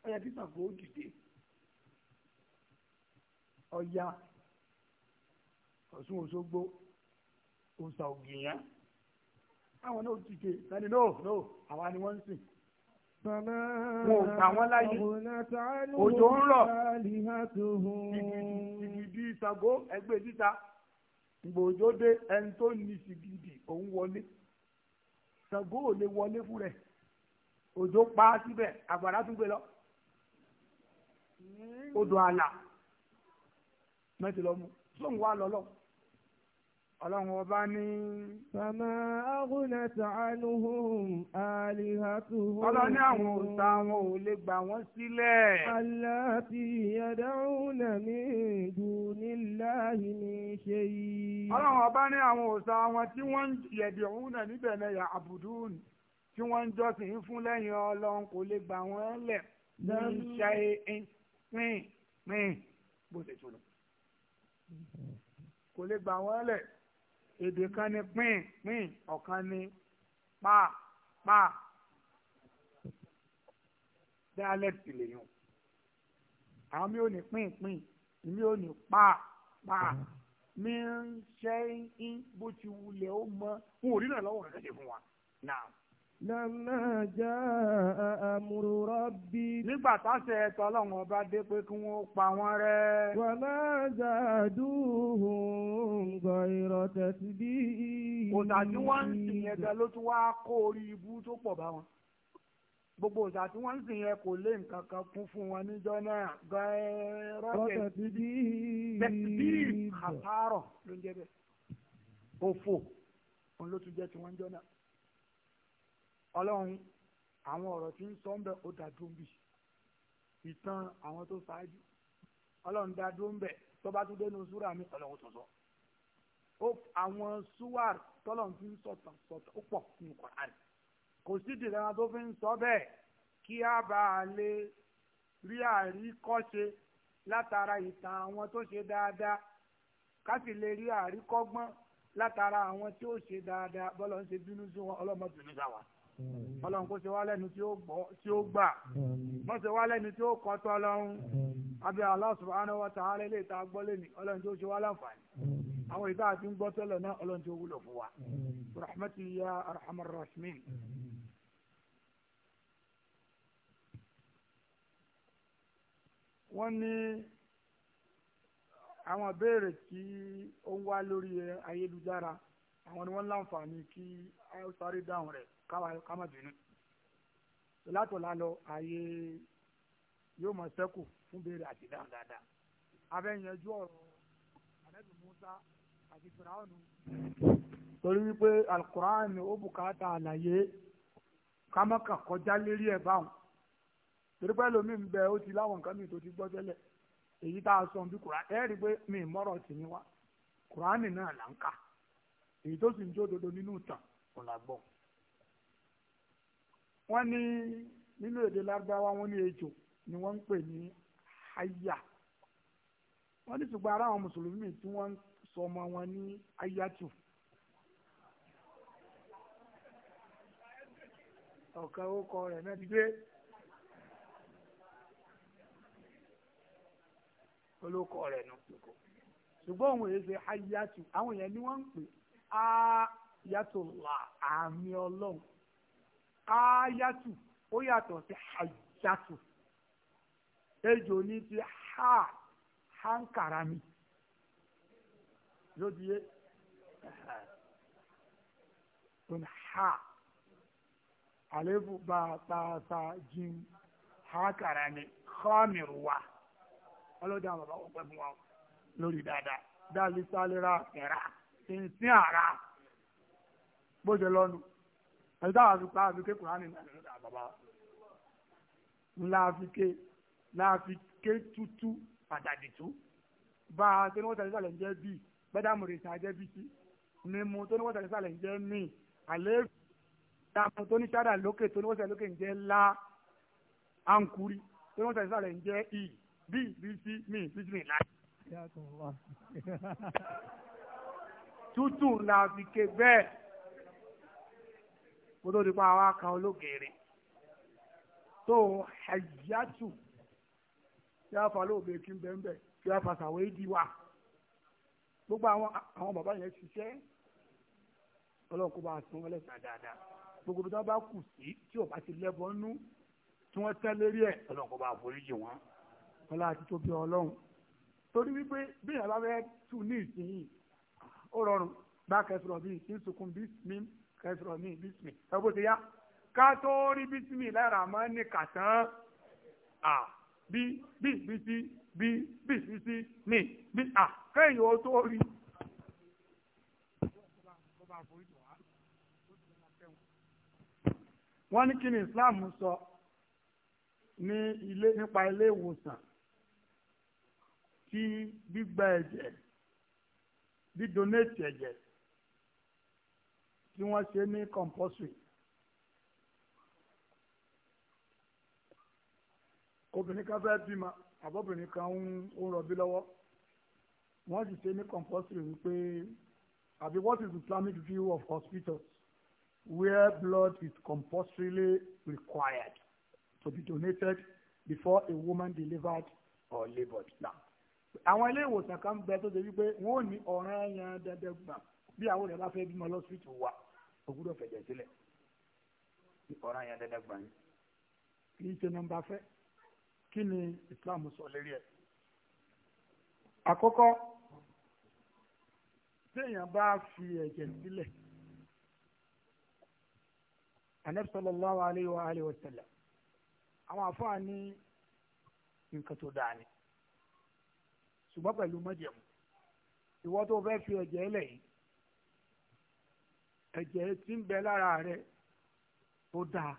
Speaker 1: ọyà tí bàbá dìde ọya Ọ̀ṣun Òṣogbo òòsà ògìyàn àwọn náà ti ké sani no no àwa ni wọ́n ń sìn wọn ò gbà wọ́n láyé òjò ń rọ̀ ìgìdì ìsàgó ẹgbẹ́ títa gbòòjó dé ẹni tó ní sìgìdì òun wọlé ìsàgó ò lè wọlé fún rẹ̀ òjò pa á síbẹ̀ àgbàrá tún gbé lọ odò àlà mẹ́tìlọ́mù sóhun wà lọ́lọ́ ọlọ́run ọba ní. Fama agunat anhum alihatuhum. Ọlọ́ni àwọn òòṣà wọn ò lè gbà wọ́n sílẹ̀. Allati yad'una min dunillahi min shay. Ọlọ́run ọba ní àwọn òòṣà wọn tí wọ́n yad'una níbẹ̀ náà yà àbùdùn tí wọ́n ń jọ́sìn fún lẹ́yìn ọlọ́run kò lè gbà wọ́n lẹ̀. Min shay pín pín bó ṣe tó lọ. Kò lè gbà wọ́n lẹ̀ èdè kan ní pín pín ọ̀kan ní pa pa dialect lèyàn àwọn mi ò ní pín pín mi ò ní pa pa mi ń ṣe ń bó ti wulẹ̀ ó mọ n ò rí náà lọ́wọ́ rẹ̀ ṣe fún wa náà. Lámà já àmúrú rọ́bí. Nígbà táṣẹ ẹ̀tọ́ ọlọ́run ọba dé pé kí wọ́n pa wọ́n rẹ́. Wà máa zàdúhùn gọ ìrọ̀ tẹ̀sí bí. Òṣà tí wọ́n ń sìn yẹn gan ló tún wá kó orí ibú tó pọ̀ bá wọn. Gbogbo òṣà tí wọ́n ń sìn yẹn kò lé nǹkan kan kún fún wọn níjọ́ náà. Gọ ìrọ̀ tẹ̀sí bí. Tẹ̀sí bí àtàrọ̀ ló ń jẹ́ bẹ́ẹ̀. Òfò òun ló tún jẹ́ tiwọn níjọ́ náà ọlọ́run àwọn ọ̀rọ̀ tí ń sọ ń bẹ ó dá dúró ń bì ìtàn àwọn tó ṣáájú ọlọ́run dá dúró ń bẹ tó bá tún dénú súrà mi ọlọ́run tó sọ ó àwọn súwàr tọ́lọ́run fi ń sọ̀tàn sọ̀tàn ó pọ̀ nínú Kùránì kò sí ìdìrẹ́ra tó fi ń sọ bẹ́ẹ̀ kí a bá a lè rí àríkọ́ṣe látara ìtàn àwọn tó ṣe dáadáa ká sì lè rí àríkọ́gbọ́n látara àwọn tí ó ṣe dáadáa bọ́lá ń ṣe bínú sí wọn ọlọ́mọ bínú sáwà Mm. ọlọ́run kó ṣe wá lẹ́nu tí ó gbà mọ́ mm. ṣe wá lẹ́nu tí ó kọ́ tọ́ ọlọ́run mm. abẹ́ Allah subhanahu wa ta'ala ilé ìta gbọ́ lẹ́nu ọlọ́run tí ó ṣe wá láǹfààní àwọn ìta àti ń gbọ́ tẹ́lẹ̀ náà ọlọ́run tí ó wúlò fún wa rahmatu ya arhamar rahimin. wọ́n ní àwọn ìbéèrè tí ó ń wá lórí ayélujára àwọn ni wọ́n láǹfààní kí a sáré dáhùn rẹ̀ ká má bínú látọ̀lá lọ ààyè yóò mọ sẹ́kù fún béèrè àti dáhùn dáadáa abẹ́yẹnjú ọ̀rọ̀ ànábì Musa àti fìràwọ̀nù. torí wípé alukur'an ó bùkátà àlàyé ká má kà kọjá lérí ẹ̀ báwọn torí pé lómi ń bẹ ó ti láwọn nǹkan mi tó ti gbọ́ tẹ́lẹ̀ èyí tá a sọ bí kùrán ẹ rí i pé mi mọ́rọ̀ sí ni wá kùránì náà là ń kà èyí tó sì ń jó dodo nínú ìtàn kò là wọ́n ní nínú èdè lárúbáwá wọ́n ní ejò ni wọ́n ń pè ní aya wọ́n ní ṣùgbọ́n ara àwọn mùsùlùmí tí wọ́n ń sọ ọmọ wọn ní ayatu. ọ̀kan orúkọ rẹ̀ náà ti dé olóko rẹ̀ nù ṣùgbọ́n òun èyí ṣe ayatu àwọn èèyàn ni wọ́n ń pè á yàtọ̀ àmì ọlọ́run áyátù ó yàtọ̀ sí àyàtù ejò ní ti ha hankara mi ló di yé tó ní ha àléébù bá ta ta jim hankara mi kọ́mìrù wa ọlọ́dẹ àwọn bàbá wọn pẹ́ fún wa lórí dáadáa dáa lè sálẹ̀ ra ẹ̀ra ìsìn àrà bó ṣe lọ́nu àti táwọn àfikún àfikún ké kùránì náà bàbá láàfiké láàfiké tútú pàtàkì tú bá a tó ní wọ́n tẹ̀lé sàlẹ̀ ń jẹ́ bíi bẹ́dà mùrìsà jẹ́ bíi sí mímu tó ní wọ́n tẹ̀lé sàlẹ̀ ń jẹ́ míì àlẹ́ dàmú tó ní sádà lókè tó ní wọ́n tẹ̀lé lókè ń jẹ́ lá àǹkúrí tó ní wọ́n tẹ̀lé sàlẹ̀ ń jẹ́ ì bíi bíi sí míì bíi sí míì láì tútù la fi ké bẹ́ẹ̀ kó tó di pa àwa kan ológèrè tó hajjatu tí a fa lóògbé kí n bẹ́ẹ̀ bẹ́ẹ̀ tí a fa sàwé di wa gbogbo àwọn àwọn bàbá yẹn ṣiṣẹ́ ọlọ́run kó bá a sún wọn lẹ́sàn dáadáa gbogbo bí wọ́n bá kù sí tí ò bá ti lẹ́bọ̀ nú tí wọ́n tẹ́ lérí ẹ̀ ọlọ́run kó bá a forí jì wọ́n wọn láti tó bí ọlọ́run torí wípé bí ìyàrá bẹ́ẹ̀ tù ní ìsinyìí ó rọrùn bá kẹsìrọ̀ bíi ìsín sunkún bíi mímu kẹsìrọ̀ mi bísímì ẹ bó ti yá ká tó rí bísímì lára àmọ́ ní kàtán à bí bí bísí bí bí bísí mi bí à kẹ́yìn ó tó rí. wọ́n ní kí ni Islam sọ ní ilé nípa ilé ìwòsàn tí gbígba ẹ̀jẹ̀ dídonate ẹ̀jẹ̀ tí wọ́n ṣe ní compulsory obìnrin kan fẹ́ bímọ àbọ̀bìnrin kan ń rọbí lọ́wọ́ wọ́n sì ṣe ní compulsory wípé àbí what is Islamic view of hospitals where blood is compulsory required to be donated before a woman delivered or laboured now àwọn ilé ìwòsàn kan bẹ tó ṣe wípé wọn ò ní ọ̀ràn ẹ̀yàn dandan gbà bí àwọn rẹ̀ bá fẹ́ bímọ lọ́sítù wa o gbúdọ̀ fẹ̀jẹ̀ sílẹ̀ ọ̀ràn yẹn dandan gbà yín kì í ṣe nọ́mbà fẹ́ kí ni Islam sọ lérí ẹ̀ àkọ́kọ́ téèyàn bá fi ẹ̀jẹ̀ sílẹ̀ anabi sallallahu alayhi wa alayhi wa sallam àwọn àfáà ní nǹkan tó dáa ni ṣùgbọ́n pẹ̀lú mọ́jẹ̀mú ìwọ tó fẹ́ fi ẹ̀jẹ̀ lẹ̀ ẹ̀jẹ̀ tí ń bẹ lára rẹ ó dáa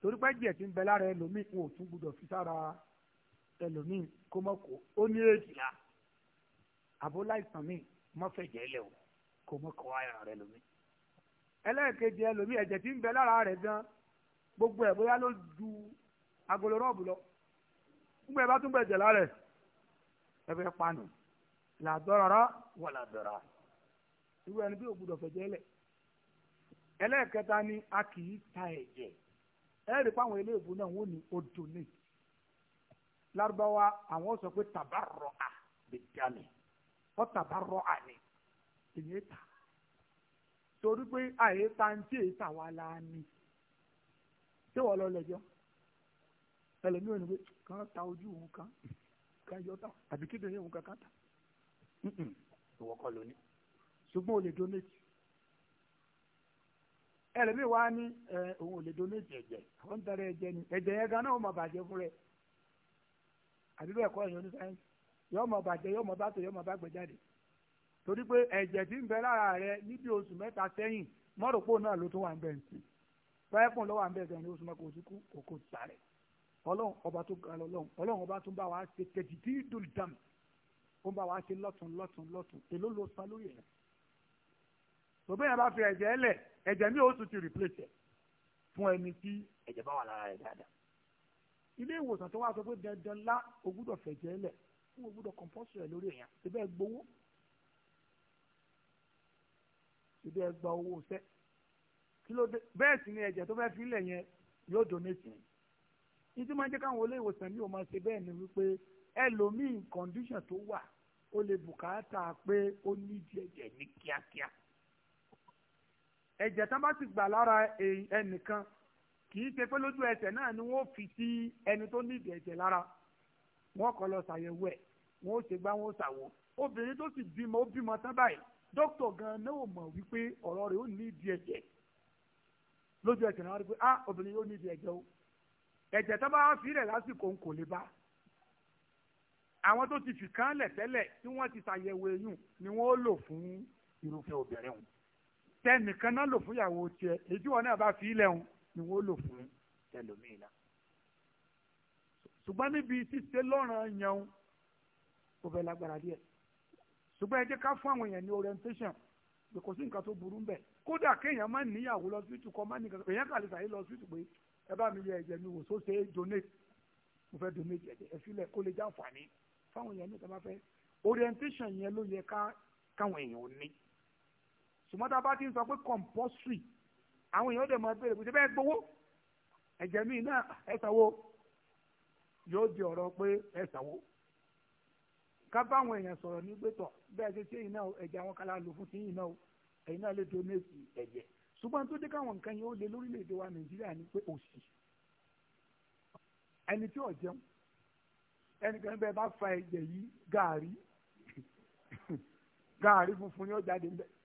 Speaker 1: torí pé ẹ̀jẹ̀ tí ń bẹ lára ẹlòmíì kò tún gbọdọ̀ fi sára ẹlòmíì kó mọ̀ kó ó ní èjìlá àbóláìsàn míì mọ́fẹ̀jẹ̀ lẹ̀ o kò mọ̀ kó ara rẹ lómi ẹlẹ́ẹ̀kejì ẹlòmíì ẹ̀jẹ̀ ń gbogbo ẹ̀ bóyá agolo rọ́ọ̀bù gbogbo ẹ̀ bá tún bẹ̀jẹ̀ lára ẹ̀ fẹ́ làdọ́rọ̀rọ̀ irú ẹni bí ògbúdọ̀ fẹ̀jẹ̀ lẹ̀ ẹlẹ́ẹ̀kẹta ni a kì í ta ẹ̀jẹ̀ ẹ̀rí pé àwọn eléèbó náà wọ́n ní odò ní lárúbáwá àwọn sọ pé tàbárọ̀ à lè dá mi ọ tàbárọ̀ à ni èyí ta torí pé àyè ta ń tí èyí ta wà láàánú tí wọ́n lọ lẹ́jọ́ ẹlẹ́mìí òní pé kàn ta ojú òun kan kàn yọ ta àbí kíndìnrín òun kan kàn ta ìwọ lónìí ṣùgbọ́n o lè donate ẹlẹ́mi wa ní ẹ òun ò lè donate ẹ̀jẹ̀ àwọn ń tẹ̀lé ẹ̀jẹ̀ ni ẹ̀jẹ̀ yẹn gan náà wọ́n máa bàjẹ́ fún rẹ̀ àbí bẹ́ẹ̀ kọ́ ẹ̀yàn ní sáyẹ́nsì yọ́ máa bàjẹ́ yọ́ máa bá tó yọ́ máa bá gbẹ jáde torí pé ẹ̀jẹ̀ tí ń bẹ lára rẹ níbi oṣù mẹ́ta sẹ́yìn mọ́rùpọ̀ náà ló tún wà ń bẹ̀ ń sí pẹ́ẹ́pọ̀n lọ́wọ́ à ń bẹ̀ gan oṣù mẹ́ta kò kú kò kò sàrẹ̀ ọlọ́run ọba wa ṣe tẹ̀dídìí dùn dàm wa ṣe lọ́tún lọ́tún lọ́tún èló ló san lórí ẹ̀ tó bẹ́ẹ̀ bá fi ẹ̀jẹ̀ lẹ̀ ẹ̀jẹ̀ mi ò tún ti replace ẹ̀ fún ẹni tí ẹ̀jẹ̀ bá wà lára rẹ̀ dáadáa ilé ìwòsàn tó wá sọ pé dandan lá o gbúdọ̀ fẹ̀jẹ̀ lẹ̀ fún o gbúdọ̀ compulsory rẹ̀ lórí èèyàn ṣe bẹ́ẹ̀ gbowó ṣe bẹ́ẹ̀ gba owó sẹ́ kí ló dé bẹ́ẹ̀ sì ni ẹ̀jẹ̀ tó fẹ́ fi lẹ̀ yẹn yóò donate ní tí máa ń jẹ́ káwọn ilé ìwòsàn mi ò máa ṣe bẹ́ẹ̀ ni wípé ẹlòmíì condition tó wà ó lè bùkátà pé ó nídìí ẹ̀jẹ̀ ní kíákíá ẹ̀jẹ̀ tán bá sì gbà lára e, ẹnìkan kì í ṣe pé lójú ẹsẹ̀ náà ni wọ́n fi sí ẹni tó ní ìdí ẹ̀jẹ̀ lára wọ́n kọ́ lọ ṣàyẹ̀wò ẹ̀ wọ́n ó ṣe gbá wọ́n ó ṣàwọ̀ obìnrin tó sì bímọ ó bímọ tán báyìí dókítà gan náà ò mọ̀ wípé ọ̀rọ̀ rẹ̀ ó ní ìdí ẹ̀jẹ̀ lójú ẹsẹ̀ náà wọ́n rí pé ah obìnrin yóò ní ìdí ẹ̀jẹ̀ o ẹ̀jẹ̀ tó bá fi rẹ̀ lásìkò ń kò lè bá àwọn tó ti fìkánlẹ̀ tẹ́lẹ̀ tí wọ́n ti ṣàyẹ̀wò eyín ni wọ́n ó lò fún irúfẹ́ obìnrin wọn tẹnìkan náà lò fún ìyàwó tiẹ̀ èyí wọn náà bá fi ilẹ̀ hùn ni wọ́n lò fún tẹlómìn náà ṣùgbọ́n níbi ṣíṣe lọ́ràn yẹn kò fẹ́ lágbára díẹ̀ ṣùgbọ́n ẹ jẹ́ ká fún àwọn èèyàn ní orientation pé kò sí nǹkan tó burú ń bẹ̀ kódà kéèyàn má níyàwó lọ sí ìtúkọ má nìkan èèyàn kà lè sàyè lọ sí ìtúpé ẹ bá mi yẹ ẹ̀jẹ̀ mi wò sóṣe donate mo fẹ́ donate ẹ̀jẹ̀ ẹ sílẹ̀ kó lè jàǹfààní fáwọn èèyàn níta bá fẹ́ orientation yẹn ló yẹ ká káwọn èèyàn ò ní ṣùgbọ́n tá a bá ti ń sọ pé compulsory àwọn èèyàn dẹ̀ máa bèrè pé ṣe bẹ́ẹ̀ gbowó ẹ̀jẹ̀ míì náà ẹ sanwó yóò di ọ̀rọ̀ pé ẹ sanwó ká bá àwọn èèyàn sọ̀rọ̀ ní gbẹ́tọ̀ bẹ́ẹ̀ ṣe ṣe yìí náà ẹ̀jẹ̀ àwọn kan la lò fún sí yìí náà ẹ̀yin náà lè donate ẹ̀jẹ̀ ṣùgbọ́n tó dé káwọn nǹkan yẹn ó lé lórílẹ̀‐èdè wa nàìjíríà ni pé òṣì ẹni tí ò jẹun ẹnìkan bẹ́ẹ̀ bá fa ẹ̀jẹ̀ yìí gàárì gàárì funfun ni ó jáde bẹ́ẹ̀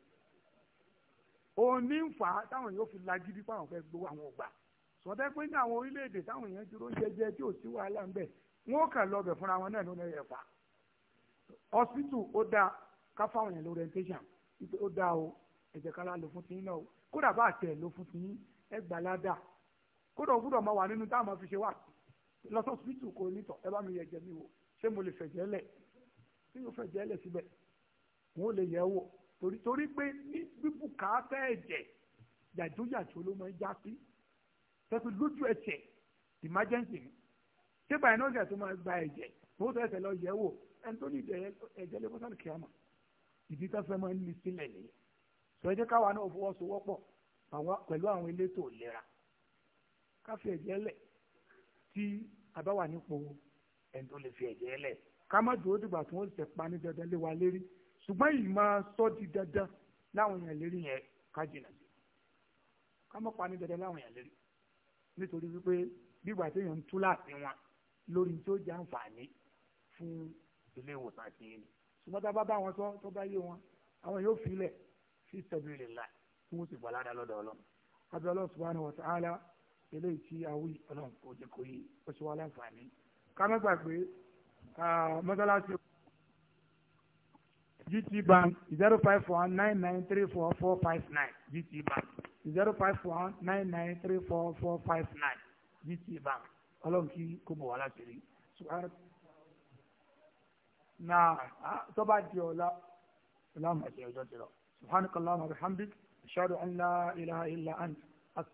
Speaker 1: òun ní ń fà á táwọn yóò fi lajú bí fáwọn fẹ́ gbowó àwọn ọgbà sọtẹ́ pé ní àwọn orílẹ̀-èdè táwọn èèyàn dúró jẹjẹ tí ò sí wàhálà ń bẹ̀ wọn ò kàn lọ́bẹ̀ fúnra wọn náà ló lẹ́yẹ̀ fà hospital ó dáa ká fáwọn èèyàn ó dáa o ẹ̀jẹ̀ kára lò fún tiyín náà o kódà bá àtẹ̀ lò fún tiyín ẹ gbà ládà kódà ó gbúdọ̀ máa wà nínú táwọn fi ṣe wà lọ́sọ̀ hospital kò ní tọ̀ ẹ bá mi yẹ ẹ̀jẹ̀ mi wò ṣé mo lè fẹ̀jẹ̀ lẹ̀ torí torí pé ní bíbùkátà ẹ̀jẹ̀ yàjóyàjó ló máa ń já sí tẹ́tù lójú ẹ̀jẹ̀ emergency ni tébà ẹ̀ náà jẹ́ tó máa gba ẹ̀jẹ̀ tó tó ẹ̀sẹ̀ lọ yẹ̀ wò ẹni tó ní ẹ̀jẹ̀ lé bọ́sálì kíámà ìdí tó fẹ́ máa ń ní sílẹ̀ nìyẹn sọ ẹ jẹ́ káwa náà fọwọ́sowọ́pọ̀ pẹ̀lú àwọn elétò ìlera ká fi ẹ̀jẹ̀ lẹ̀ tí a bá wà nípò ẹni tó lè fi ẹ̀jẹ̀ lẹ̀ ká má dúró dìgbà tí wọ́n ti tẹ̀ pa ní dandan lé wa lérí ṣùgbọ́n yìí máa sọ di dandan láwọn èèyàn lérí yẹn ká jìnnà sí ká mọ̀ pa ní dandan láwọn èèyàn lérí nítorí wípé bígbà téèyàn ń tú láti wọn lórí tó jẹ́ àǹfààní fún ilé ìwòsàn àti yìí ni ṣùgbọ́n tá a bá bá wọn sọ tó bá yé wọn àwọn yóò filẹ̀ fi sabilillah kí wọ́n sì gbọ́ lọ́dọ̀ ọlọ́run abẹ́ ọlọ́run subhanahu wa ta'ala eléyìí tí awí ọlọ́run kò jẹ́ kó yí ó ṣe wá láǹfààní ká má gbàgbé ah, mọ́tálásí. GT Bank zero five one nine nine three four four five nine GT Bank zero five one nine nine three four four five nine GT Bank ọlọ́run kí kò bọ̀ wá láti rí ṣùgbọ́n náà tọ́ba di ọ̀la ọ̀la màṣẹ ọjọ́ ti lọ subhanakallahumma wa bihamdik ashhadu an la ilaha illa anta.